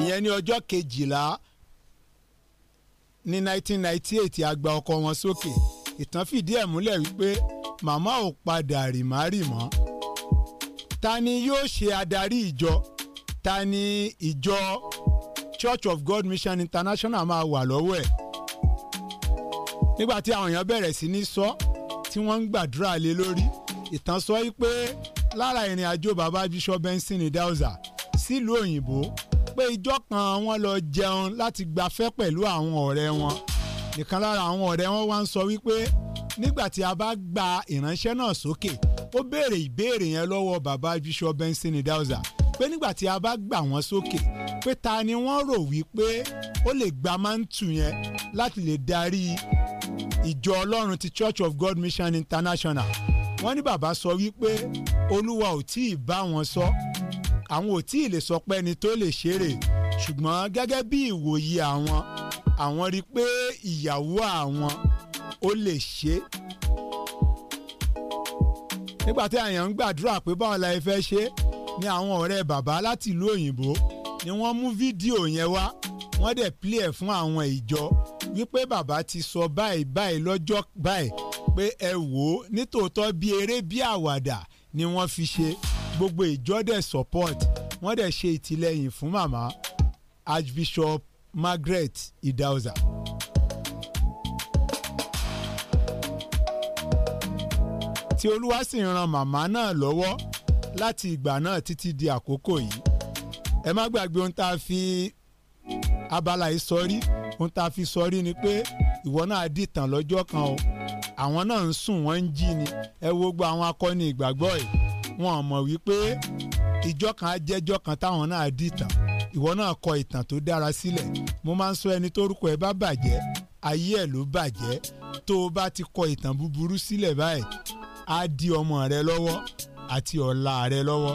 ìyẹn ní ọjọ́ kejìlá ní nineteen ninety eight àgbà ọkọ wọn sókè ìtàn fìdí ẹ̀ múlẹ̀ wípé màmá ò padà rìmárì mọ́ ta ni yóò ṣe adarí ìjọ ta ni ìjọ Church of God Mission International máa wà lọ́wọ́ ẹ̀ nígbà tí àwọn èèyàn bẹ̀rẹ̀ sí ní sọ tí wọ́n ń gbàdúrà lé lórí ìtàn sọ yìí pé lára ìrìn àjò bàbá Bishop Benson Dauza sílùú òyìnbó pé ìjọ kan wọ́n lọ jẹun láti gbafẹ́ pẹ̀lú àwọn ọ̀rẹ́ wọn nìkan lára àwọn ọ̀rẹ́ wọn wá ń sọ wípé nígbà a bá gba ìránṣẹ́ náà sókè ó béèrè ìbéèrè yẹn lọ́wọ́ bàbá Bishop Benson Dauza pé nígbà a bá gbà wọ́n sókè pé ta ni wọ́n rò wípé ó lè gba máńtù yẹn láti lè darí ìjọ ọlọ́run ti Church of God Mission International wọ́n ní bàbá sọ wípé olúwa ò tí ì bá wọn sọ àwọn ò tí ì lè sọ pé ẹni tó lè ṣeré ṣùgbọ́n gẹ́gẹ́ bí ìwòye àwọn àwọn rí i pé ìyàwó àwọn ó lè ṣe é nígbà tí àyàn ń gbàdúrà pé báwọn la fẹ́ ṣe ni àwọn ọ̀rẹ́ bàbá láti ìlú òyìnbó ni wọ́n mú fídíò yẹn wá wọ́n dẹ̀ plé ẹ̀ fún àwọn ìjọ wípé bàbá ti sọ báyìí báyìí lọ́jọ́ báyìí pé ẹ wò ó nítòótọ́ bí eré bí àwàdà ni wọ́n fi ṣe gbogbo ìjọ dẹ̀ support wọ́n dẹ̀ ṣe ìtìlẹ́yìn fún màmá Archbishop Margaret Idauza. tí olúwa sì ran màmá náà lọ́wọ́ láti ìgbà náà títí di àkókò yìí ẹ má gbàgbé ohun tá a fi abala ìsọrí ohun tá a fi sọrí ni pé ìwọ náà dìtàn lọ́jọ́ kan o àwọn náà ń sùn wọ́n ń jí ni ẹ wo gbọ́ àwọn akọni ìgbàgbọ́ yìí wọ́n mọ̀ wípé ìjọ kan á jẹ́jọ́ kan táwọn náà dìtàn ìwọ náà kọ ìtàn tó dára sílẹ̀ mo máa ń sọ ẹni tórúkọ ẹ bá bàjẹ́ ayé ẹ̀ ló bàjẹ́ tó o bá ti kọ ìtàn búburú sílẹ̀ báyìí á di ọmọ rẹ lọ́wọ́ àti ọ̀la rẹ lọ́wọ́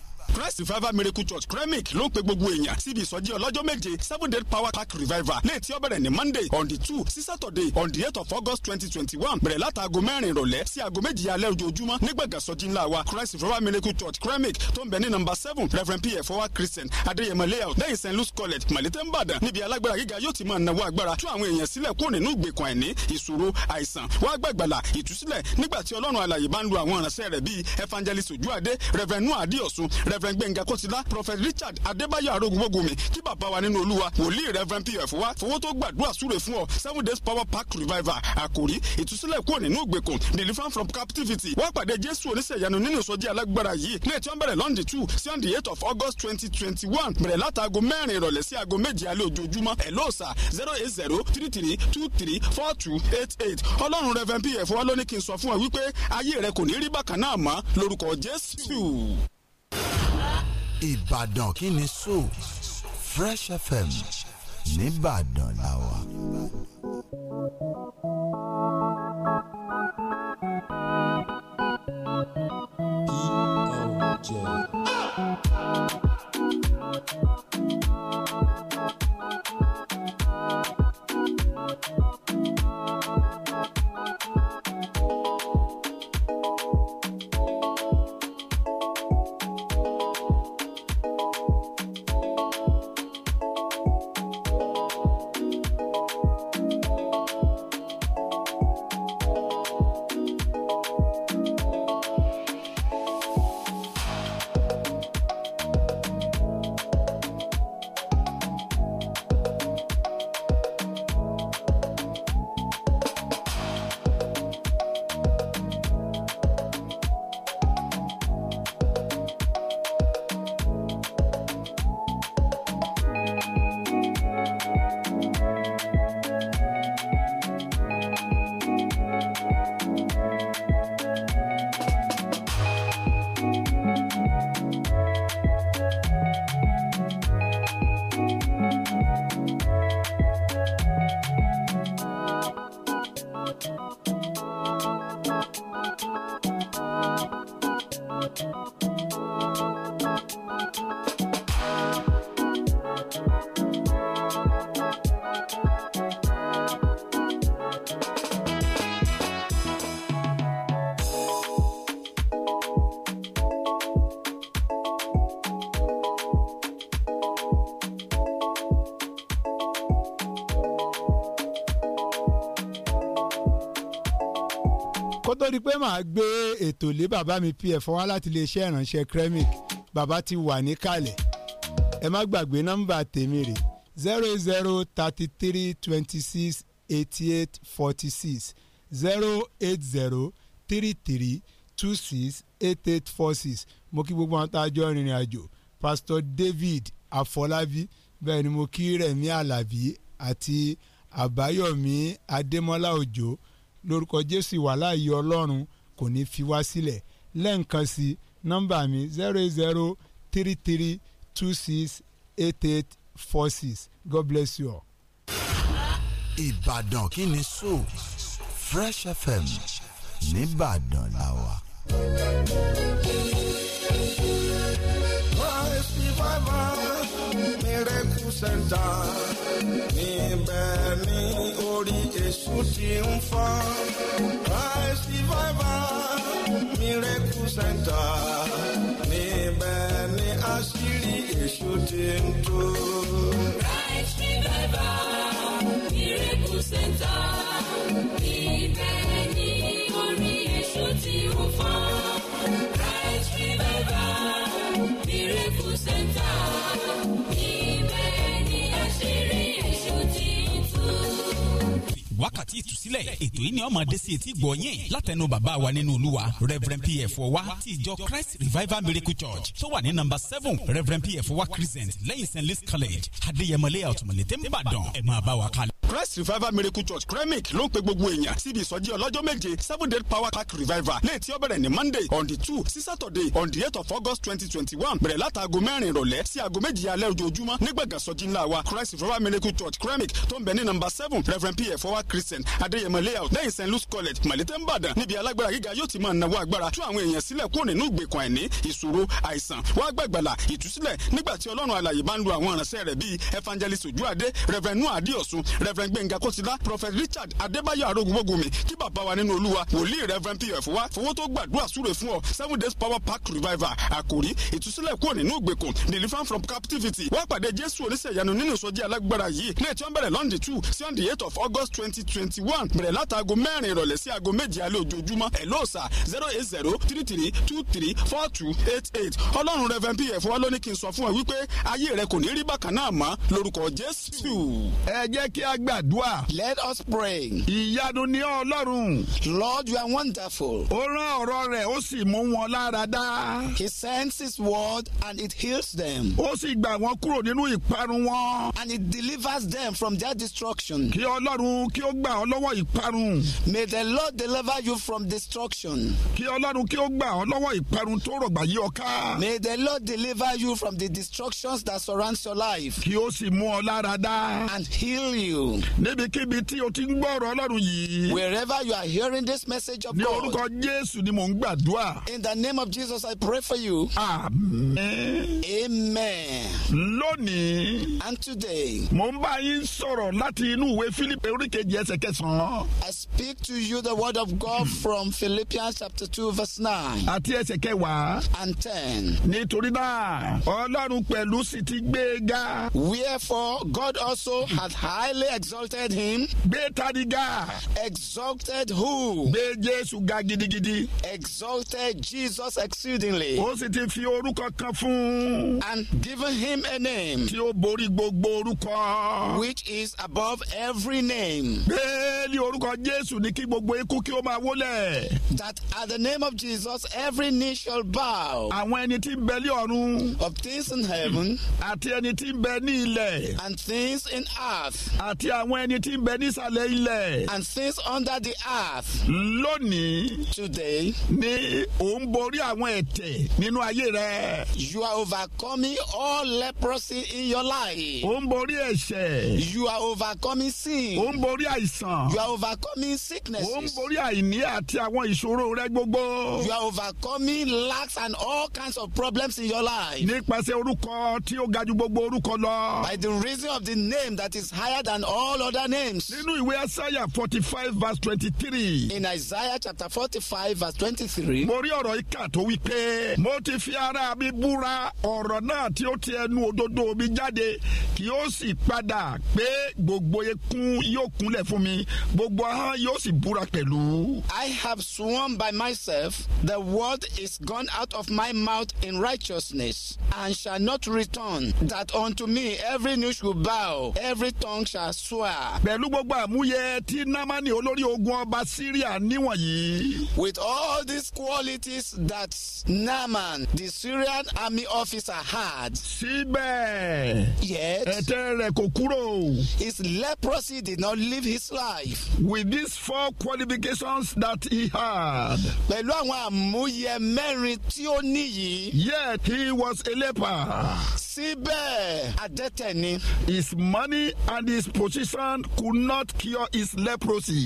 christ revival miracle church kremik ló ń pe gbogbo èèyàn síbi ìsọjí ọlọ́jọ́ méje seven day power pack revival léètì ó bẹ̀rẹ̀ ní monday on the two sí saturday on the eight of august twenty twenty one bẹ̀rẹ̀ látàgọ́ mẹ́rin ìrọ̀lẹ́ sí aago méjì alẹ́ ojoojúmọ́ nígbàgàsọjí ńlá wa christ revival miracle church kremik tó ń bẹ ní number seven reverend pf owa christian adéyẹmọ layout lẹ́yìn st louis college malete nbàdàn níbi alágbára gíga yóò ti máa nawó agbára tú àwọn èèyàn sílẹ̀ kúrò nínú ìgbèkùn àìní ìṣòro àìsàn wá gbàgbàlà ìtúsílẹ̀ nígbà tí ọlọ́run alàyè bá ń lo àwọn ìránṣẹ́ rẹ̀ bíi evangelist ojú adé reverend nuadi ọ̀sùn rev reverend gbẹ̀ngà kọ́sílá prophet richard adébáyọ̀ arógunmógunmi kí bàbá wa nínú olúwa wòlíì reverend pf wa fowó tó gbàdúrà súre fún ọ seven days power pack revival àkòrí ìtúsílẹ̀ kúrò nínú ògbèkùn deliverance from captivity wá pàdé jésù oníṣẹ̀yanu nínú ìsọjí alágbára yìí ní ètò ọ̀bẹ̀rẹ̀ london two sí on the eight of august twenty twenty one bẹ̀rẹ̀ látàgò mẹ́rin ìrọ̀lẹ́ sí aago méje alẹ́ ojoojúmọ́ ẹ̀ lóòsà zero eight zero three three two three four two eight eight ọlọ́run reverend pf wa ló ní kí n sọ fún ọ wípé ayé rẹ kò ní rí bákan náà mọ́ lórúkọ jésù. Ìbàdàn kí ni so Fresh FM nìbàdàn la Thank you. tó di pé màá gbé ètò lé bàbá mi pf wá láti iléeṣẹ́ ìránṣẹ́ kremik bàbá ti wà níkàlẹ̀ ẹ má gbàgbé nọ́mbà tèmi rè zero zero thirty three twenty six eighty eight forty six zero eight zero three three two six eight eight four six mo kí gbogbo àwọn tá a jọ rìnrìn àjò Pastor David Afọlábí bẹ́ẹ̀ ni mo kí Rẹ̀mí Àlàbí àti Àbáyọ̀mí Adémọ́lá Òjó lórúkọ jésù wà láàyè ọlọ́run kò ní fi wá sílẹ̀ lẹ́ǹkan sí nọ́mbà mi zero zero three three two six eight eight four six god bless you all. ìbàdàn kí ni so fresh fm nìbàdàn la wà. Life revival, miracle center níbẹ̀ ni orí èṣù ti ń fọ́. Christ Revival Miracle Center níbẹ̀ ni àṣírí èṣù ti ń tú. Christ Revival Miracle Center níbẹ̀ ni orí èṣù ti ń fọ́. Christ Revival Miracle Center. wákàtí ìtúsílẹ̀ ètò yìí ni ó máa dé sí etí gbọ̀ yín látẹnu bàbá wa nínú olúwa reverend pf wa ti ìjọ christ revival miracle church tó wà ní number seven reverend pf wa crescent lẹ́yìn st louis college adéyẹmọlẹ́yà ọ̀tùmọ̀lẹ́tẹ̀ ń bàdàn ẹ máa bá wa kalẹ̀ christ revival miracle church kremik ló ń pe gbogbo èèyàn síbi ìsọjí ọlọ́jọ́ méje seven day power pack revival lè tí ó bẹ̀rẹ̀ ní monday on the two sí saturday on the eight of august twenty twenty one bẹ̀rẹ̀ látàgò mẹ́rin ìrọ̀lẹ́ sí àgọ́ méjì alẹ́ ojoojúmọ́ nígbàgà sọjí ńlá wa christ revival miracle church kremik tó ń bẹ ní number seven reverend pf fowa christian adéyẹmọ layout lẹ́yìn st louis college malete nbàdàn níbi alágbára gíga yóò ti máa nawó agbára tú àwọn èèyàn sílẹ̀ kúrò nínú ìgbèkùn àìní ìṣòro àìsàn wá gbàgbàlà ìtúsílẹ̀ nígbà tí ọlọ́run alàyè bá ń lo àwọn ìránṣẹ́ rẹ̀ bíi evangelist ojú adé reverend noah adéọ̀sùn reverend reverend gbẹ̀ngà kọ́sílá prophet richard adébáyọ̀ arógunmógunmi kí bàbá wa nínú olúwa wòlíì reverend pf wa fowó tó gbàdúrà súre fún ọ seven days power pack revival àkòrí ìtúsílẹ̀ kúrò nínú ìgbèkùn deliverance from captivity wá pàdé jésù oníṣẹ̀yanu nínú ìsọjí alágbára yìí ní ètò ìbẹ̀rẹ̀ lọ́ndì two sí on the eight of august twenty twenty one bẹ̀rẹ̀ látàgò mẹ́rin ìrọ̀lẹ́ sí aago méje alẹ́ ojoojúmọ́ ẹ̀lọ́ọ̀sà zero eight zero three three two three four two eight eight ọlọ́run reverend pf wa ló ní kí n sọ fún ẹ wípé ayé rẹ kò ní rí bákan náà mọ́ lórúkọ jésù. ẹ jẹ́ kí a gbé gbàdúrà. let us pray. ìyanu ni ọlọ́run. lord you are wonderful. ó rán ọ̀rọ̀ rẹ̀ ó sì mú wọn lára dá. he sends his word and it heals them. ó sì gbà wọ́n kúrò nínú ìparun wọn. and it delivers them from their destruction. kí ọlọ́run kí ó gbà ọ́ lọ́wọ́ ìparun. may the lord deliver you from destruction. kí ọlọ́run kí ó gbà ọ́ lọ́wọ́ ìparun tó rọ̀gbà yí may the lord deliver you from the destructions that surround your life. kí ó sì mú ọ lára dá. and heal you níbikíbi tí o ti ń gbọ́ ọ̀rọ̀ ọlọ́run yìí. wherever you are hearing this message of God. ní orúkọ Jésù ni mò ń gbàdúrà. in the name of Jesus I pray for you. amen. amen. lónìí. and today. mo ń bá yín sọ̀rọ̀ láti inú ìwé Philip oríkejì ẹsẹ̀ kẹsàn-án. I speak to you the word of God hmm. from Philippians chapter two verse nine. àti ẹsẹ̀ kẹwàá. and ten. nítorí náà ọlọ́run pẹ̀lú sì ti gbé e ga. wherefore God also has highly exalted exalted him. Gbé tariga. Exalted who? Gbé Jésù ga gidigidi. Exalted Jesus exceedingly. Ó sì ti fi orúkọ kan fún. And given him a name. Tí ó borí gbogbo orúkọ. Which is above every name. Bẹ́ẹ̀ni orúkọ Jésù ni kí gbogbo ikú kí ó máa wólẹ̀. That at the name of Jesus every knee shall bow. Àwọn ẹni tí ń bẹ ní ọ̀run. Of things in heaven. Àti ẹni tí ń bẹ ní ilẹ̀. And things in earth. Àti àwọn. àwọn ẹni tí ń bẹ nísàlẹ̀ ilẹ̀. and things under the earth. lónìí. today. ni ò ń borí àwọn ẹ̀tẹ̀ nínú ayé rẹ. you are overcoming all leprosy in your life. ò ń borí ẹ̀ṣẹ̀. you are overcoming sin. ò ń borí àìsàn. you are overcoming sickness. ò ń borí àìní àti àwọn ìṣòro rẹ gbogbo. you are overcoming lacks and all kinds of problems in your life. nípasẹ̀ orúkọ tí ó ga jù gbogbo orúkọ lọ. by the reason of the name that is higher than all all other names. Nínú ìwé Isaiah forty-five verse twenty-three. In Isaiah chapter forty-five verse twenty-three. Mo rí ọ̀rọ̀ ìkà tó wí pé mo ti fi ara mi búra ọ̀rọ̀ náà tí ó ti ẹnu òdodo mi jáde kí ó sì padà pé gbogbo ekun yóò kúnlẹ̀ fún mi gbogbo ahọ́n yóò sì búra pẹ̀lú. I have sworn by myself the word is gone out of my mouth in righteousness and shall not return that unto me every knee shall bow every tongue shall swear. elsewhere. pẹ̀lú gbogbo àmúyẹ tí námánì olórí ogun ọba Syria níwọ̀nyí. with all these qualities that Naaman the Syrian army officer had. síbẹ̀. yet. ẹ̀tẹ̀ rẹ̀ kò kúrò. his leprosy did not leave his life. with these four qualifications that he had. pẹ̀lú àwọn àmúyẹ mẹ́rin tí ó níyì. yet he was a leper síbẹ̀ adẹ́tẹ̀ ni. his money and his position could not cure his leprosy.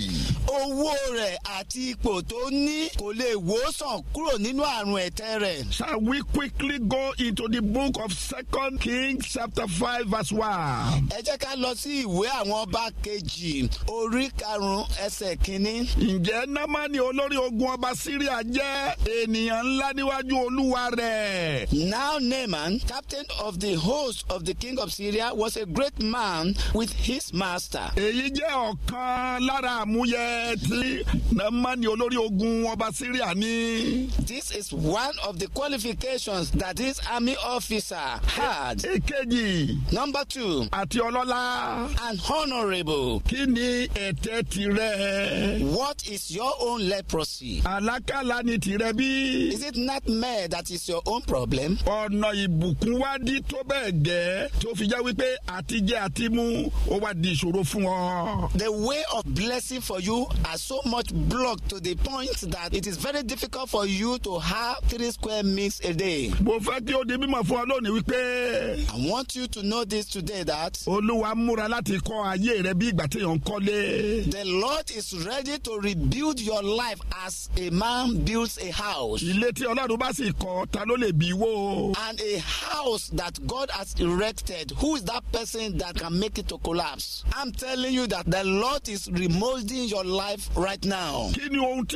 owó rẹ̀ àti ipò tó ní kò lè wòsàn kúrò nínú àrùn ẹ̀tẹ̀ rẹ̀. shall we quickly go into the book of second kings chapter five verse one. ẹ jẹ́ ká lọ sí ìwé àwọn ọba kejì orí karùn-ún ẹsẹ̀ kínní. ǹjẹ́ námánì olórí ogun ọba síríà jẹ́ ènìyàn ńlá níwájú olúwa rẹ̀. now naaman captain of of the host of the king of Syria was a great man with his master. èyí jẹ́ ọ̀kan lára àmúyẹ tí nàmánì olórí ogun ọba Syria ní. This is one of the qualifications that this army officer had. èkejì. Number two. àti ọlọ́lá. and honourable. kí ni ẹ̀tẹ́ tirẹ̀? What is your own leprosy? àlákàlà ni tirẹ̀ bí. Is it not me that is your own problem? ọ̀nà ìbùkún wá dí tó bẹ́ẹ̀ gẹ́ tó fi já wípé àtijẹ́ àtimú ó wá di ìṣòro fún ọ. The way of blessing for you are so much blocked to the point that it is very difficult for you to have three square meals a day. Mo fẹ́ kí ó di mímọ̀ fún ọ lónìí wípé. I want you to know this today that. Olúwa múra láti kọ́ ayé rẹ bí ìgbà téèyàn ń kọ́lé. The Lord is ready to rebuild your life as a man builds a house. Ilé tí Ọlọ́run bá sì kọ́ ta ló lè bí wó. And a house that that God has erected, who is that person that can make it to collapse? I'm telling you that the Lord is remolding your life right now. Who is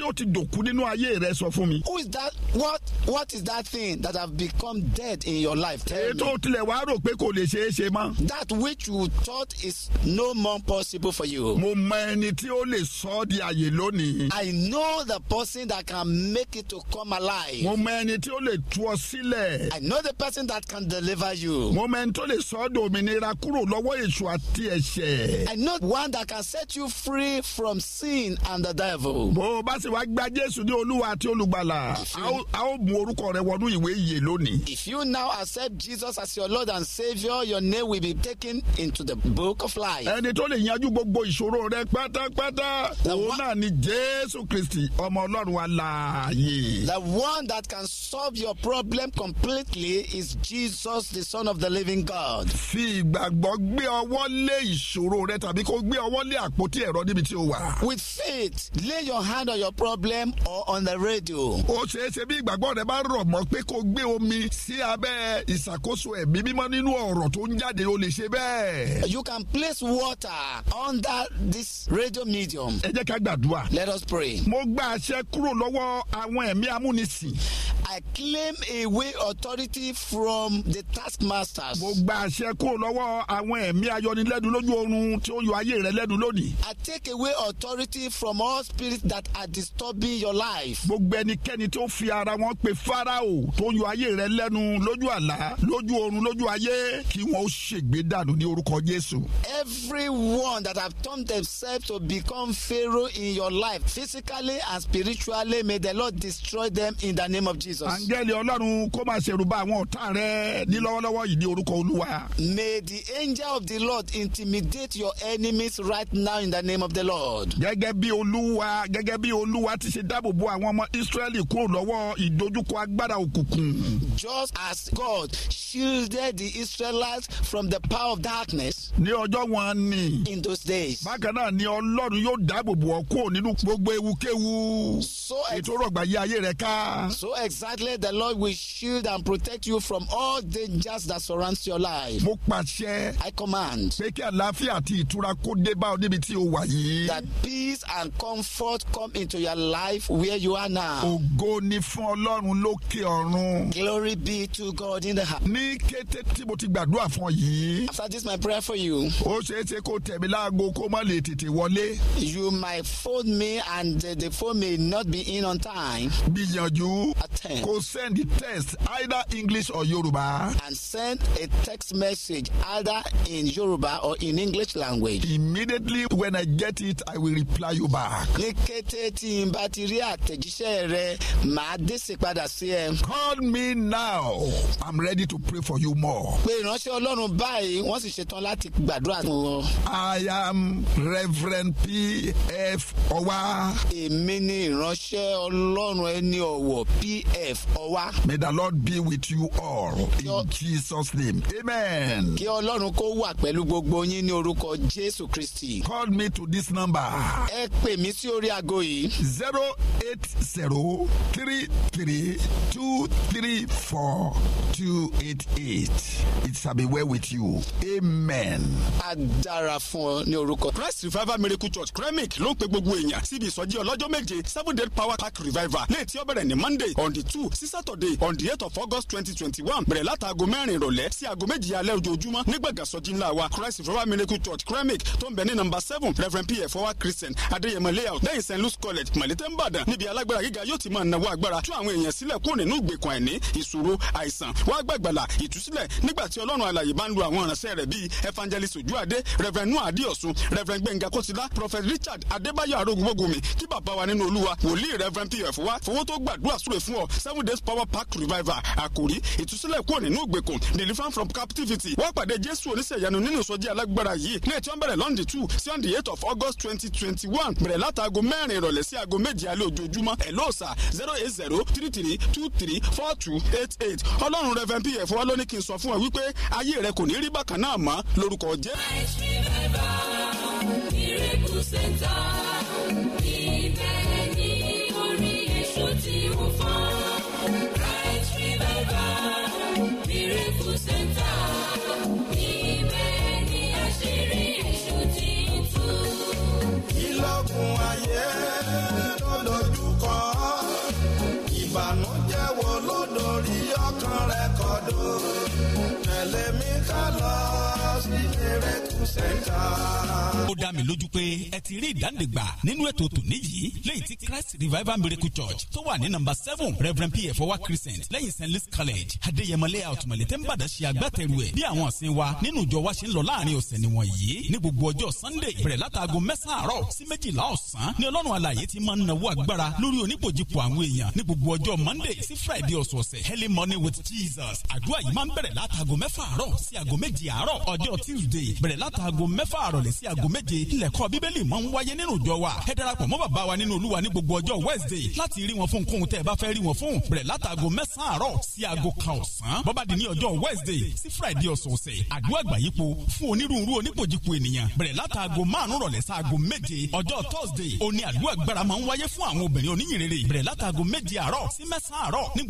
that? What What is that thing that have become dead in your life? Tell me. That which you thought is no more possible for you. I know the person that can make it to come alive. I know the person that can deliver you. mo ń tó lè sọ ọ́ di òmìnira kúrò lọ́wọ́ èṣù àti ẹ̀ṣẹ̀. I know one that can set you free from sin and the devil. bó o bá wá gba Jésù ní Olúwa àti Olùgbàlà a ó mú orúkọ rẹ wọnú ìwé ìyè lónìí. If you now accept Jesus as your Lord and Saviour, your name will be taken into the book of life. ẹni tó lè yanjú gbogbo ìṣòro rẹ pátápátá òun náà ni Jésù Kristi ọmọ Ọlọ́run alààyè. The one that can solve your problem completely is Jesus the the son of the living God. fi ìgbàgbọ́ gbé ọwọ́ lé ìṣòro rẹ tàbí kó gbé ọwọ́ lé àpótí ẹ̀rọ níbi tí o wà. with faith lay your hand on your problem or on the radio. ó ṣeé ṣe bí ìgbàgbọ́ rẹ bá rọ̀ mọ́ pé kó gbé omi sí abẹ́ ìṣàkóso ẹ̀mí mímọ́ nínú ọ̀rọ̀ tó ń jáde o lè ṣe bẹ́ẹ̀. you can place water under this radio medium. ẹ jẹ́ ká gbàdúrà. let us pray. mo gba àṣẹ kúrò lọ́wọ́ àwọn ẹ̀mí amúnisìn. I claim a way authority from the task taskmasters. mo gba àṣẹ kúrò lọ́wọ́ àwọn ẹ̀mí ayọnilẹ́nu lójú oorun tí ó yọ ayé rẹ lẹ́nu lónìí. I take away authority from all spirits that are disturbing your life. gbogbo ẹnikẹ́ni tó fi ara wọn pe Fáráò tó yọ ayé rẹ lẹ́nu lójú àlá lójú oorun lójú ayé kí wọ́n ó dànù ní orúkọ Jésù. everyone that have turned themselves to become Pharaoh in your life physically and spiritually may the Lord destroy them in the name of Jesus. àǹgẹ́lì Ọlọ́run kó máa ṣèrùbá àwọn ọ̀tá rẹ nílọ́wọ́ lọ́wọ́lọ́wọ́ yìí ní orúkọ olúwa. may the angel of the lord intimidate your enemies right now in the name of the lord. gẹ́gẹ́ bí olúwa gẹ́gẹ́ bí olúwa ti ṣe dáàbò bo àwọn ọmọ israẹli kúrò lọ́wọ́ ìdojúkọ agbára òkùnkùn. just as God shielded the israelites from the power of darkness. ní ọjọ́ wọn ni. in those days. bákan náà ni ọlọ́run yóò dáàbò bò ọ́ nínú gbogbo ewukéwu. so ètò rọ̀gbà yí ayé rẹ ká. so exactly the lord will shield and protect you from all danger dangers that surrounds your life. mo pàṣẹ. I command. pé kí àlàáfíà àti ìtura kó dé bá ọ níbi tí o wà yìí. that peace and comfort come into your life where you are now. ògo ni fún ọlọ́run lókè ọ̀run. glory be to God in the heart. ní kété tí mo ti gbàdúrà fún yìí. after this my prayer for you. ó ṣeé ṣe kó tẹ̀mí láago kó má lè tètè wọlé. you might phone me and the, the phone may not be in on time. gbìyànjú. attend. kó send the text either English or Yorùbá. and and send a text message either in Yoruba or in English language. Immediately when I get it, I will reply you back. Ní kété tí n bá ti rí àtẹ̀jíṣẹ́ rẹ, màá dé sí padà sí ẹ. Call me now. I'm ready to pray for you more. Pé ìránṣẹ́ Ọlọ́run báyìí, wọ́n sì ṣetán láti gbàdúrà fún ọ. I am Reverend P.F. Ọwa. Èmi ni ìránṣẹ́ Ọlọ́run ẹni ọ̀wọ̀ P.F. Ọwa. May the Lord be with you all. Jesus name amen. kí ọlọ́run kó wà pẹ̀lú gbogbo yín ní orúkọ Jésù Kristi. call me to this number. ẹ pè mí sí orí aago yìí. zero eight zero three three two three four two eight eight it shall be well with you amen. a dára fún ọ ní orúkọ. Christ Revival Miracle Church kremik ló ń pe gbogbo èèyàn síbi ìsọjí ọlọ́jọ́ méje seven dead power pack revival léètì ó bẹ̀rẹ̀ ní Monday on the two sí Saturday on the eight of August twenty twenty one bẹ̀rẹ̀ látàgọ́ mẹ́rin ìrọ̀lẹ́ sí aago méjì alẹ́ ojoojúmọ́ nígbàgàsọ́jí ńlá wa Christ Revival Miracle Church kremik tó ń bẹ ní number seven Reverend P.F. Owa Christian Adéyẹmọ layout lẹ́yìn St. Louis College Màlété Ńbàdàn níbi alágbára gíga yóò ti máa nawọ́ agbára tú àwọn èèyàn sílẹ̀ kúrò nínú ìgbèkùn àìní ìṣòro àìsàn wá gbàgbàlà ìtúsílẹ̀ nígbà tí Ọlọ́run alàyè bá ń lo àwọn ìránṣẹ́ rẹ̀ bíi Evangelist Ojuade Reverend Noah Adéọ̀sùn Reverend Gbẹ̀ngà Kọ́sílá Prophet Richard Adébáyọ̀ Arógunbógunmi kí bàbá wa nínú Olúwa wòlíì Reverend P.F. Owa fowó tó gbàdúrà súre fún ọ seven days power pack revival àkòrí ìtúsílẹ̀ kúrò nínú ìgbè àgbèkùn deliver from captivity wọ́n pàdé jésù oníṣẹ̀yanu nínú ìsọjí alágbára yìí ní ètò ọ̀bẹ̀rẹ̀ lọ́ndì two sí the eight of august twenty twenty one bẹ̀rẹ̀ látago mẹ́rin ìrọ̀lẹ́ sí aago méje alẹ́ ojoojúmọ́ ẹ̀lọ́ọ̀sà zero eight zero three three two three four two eight eight ọlọ́run reverend pf wa ló kí n sọ fún ẹ wípé ayé rẹ kò ní rí bákan náà mọ́ lórúkọ jẹ́. Center. I love. medical center. ó dá mi lójú pé ẹ ti rí ìdánilẹ́gbà nínú ètò tòní yìí lẹ́yìn tí christ revival miracle church tó wà ní nàmbà seven reverend pf ọwá crescent lẹ́yìn st louis college adéyẹmọlẹ́ àtùmọ̀lẹ́ tẹ́ ń bàdá ṣe agbátẹrù ẹ̀ bí àwọn ọ̀sìn wa nínú ìjọ wa ṣe ń lọ láàrin ọ̀sẹ̀ nìwọ̀n yìí ní gbogbo ọjọ́ sunday bẹ̀rẹ̀ látàgọ́ mẹ́sàn-án àárọ̀ sí méjìlá ọ̀sán ni ọlọ́run alààyè ti máa ń nawó agbára lórí ní gbogbo monday sí friday ọ̀sọ̀ọ̀sẹ̀ early morning with jesus àdúrà yìí máa ń bẹ̀rẹ̀ látàgọ́ mẹ́fà àárọ̀ sí àgọ́ méjì tuesday bẹ̀rẹ̀ látàgò mẹ́fà àrọ̀lẹ́ sí àgò méje ilẹ̀kọ́ bíbélì máa ń wáyé nínú ìjọ wa ẹ darapọ̀ mọ́ bàbá wa nínú olúwa ní gbogbo ọjọ́ wednesday láti rí wọn fún nǹkan tẹ́ ẹ bá fẹ́ rí wọn fún bẹ̀rẹ̀ látàgò mẹ́sàn-án àárọ̀ sí àgò kan ọ̀sán bọ́bá di ní ọjọ́ wednesday sí friday ọ̀sọ̀ọ̀sẹ̀ àdúrà àgbáyípo fún onírúurú onípojìpo ènìyàn bẹ̀rẹ̀ látàgò márùn-ún rọ̀lẹ́ sáàgò méje ọjọ́ thursday òní àdúrà gbára máa ń wáyé fún àwọn obìnrin oníyìnrere bẹ̀rẹ̀ látàgò méje àárọ̀ sí mẹ́sàn-án àárọ̀ ní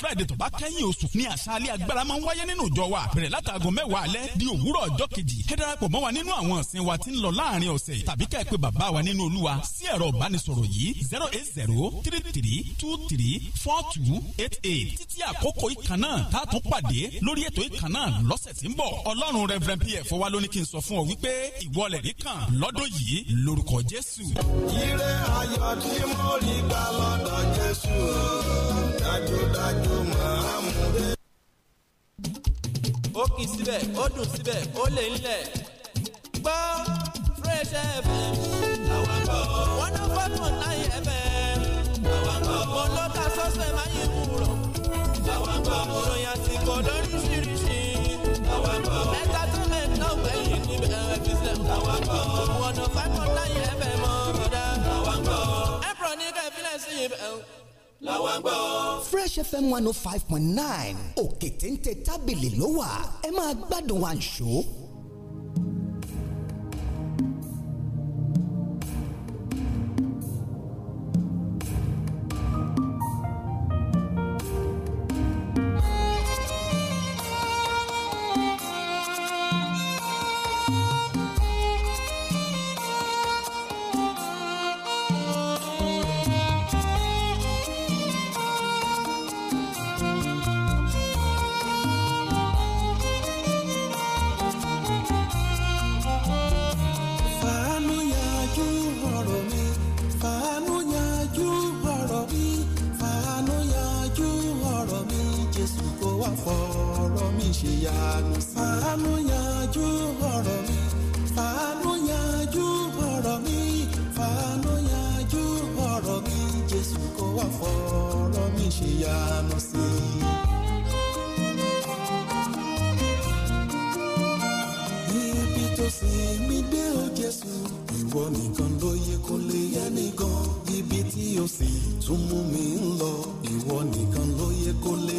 friday tó bá kẹ́yìn oṣù ní àṣálẹ́ agbára máa ń wáyé nínú ìjọ wa bẹ̀rẹ̀ látàgò darapọ̀ mọ́ wa nínú àwọn ọ̀sìn wa tí ń lọ láàrin ọ̀sẹ̀ tàbí ká ẹ pè bàbá wa nínú olúwa sí ẹ̀rọ ìbánisọ̀rọ̀ yìí zero eight zero three three two three four two eight eight títí àkókò ìkan náà tá a tún pàdé lórí ètò ìkan náà lọ́sẹ̀ tí ń bọ̀ ọlọ́run reverend pf wa ló ní kí n sọ fún ọ wípé ìwọ lẹ̀ kan lọ́dún yìí lórúkọ jésù. ire ayọ̀ tí mo rí gbà lọ́dọ̀ jésù dájúdájú máa mú dé ó kì í síbẹ̀ ó dùn síbẹ̀ ó lè ńlẹ̀ gbọ́ Fresh FM àwọn kọ́ one oh five point nine FM àwọn kọ́ mo ló ta sọ́sẹ̀ máa yí wúrọ̀ àwọn kọ́ ròyìn àsìkò lóríṣiríṣi àwọn kọ́ mẹ́ta tún mẹ́ta ọ̀gbẹ́yìn níbẹ̀ fi sẹ́ àwọn kọ́ one oh five point nine FM mọ́ ọ̀dà àwọn kọ́ ẹ̀pọ̀ ní kẹ́fílẹ̀ sí ibẹ̀ làwọn gbọ́. fresh fm one oh five point nine òkè téńté tábìlì ló wà ẹ máa gbádùn àǹṣó.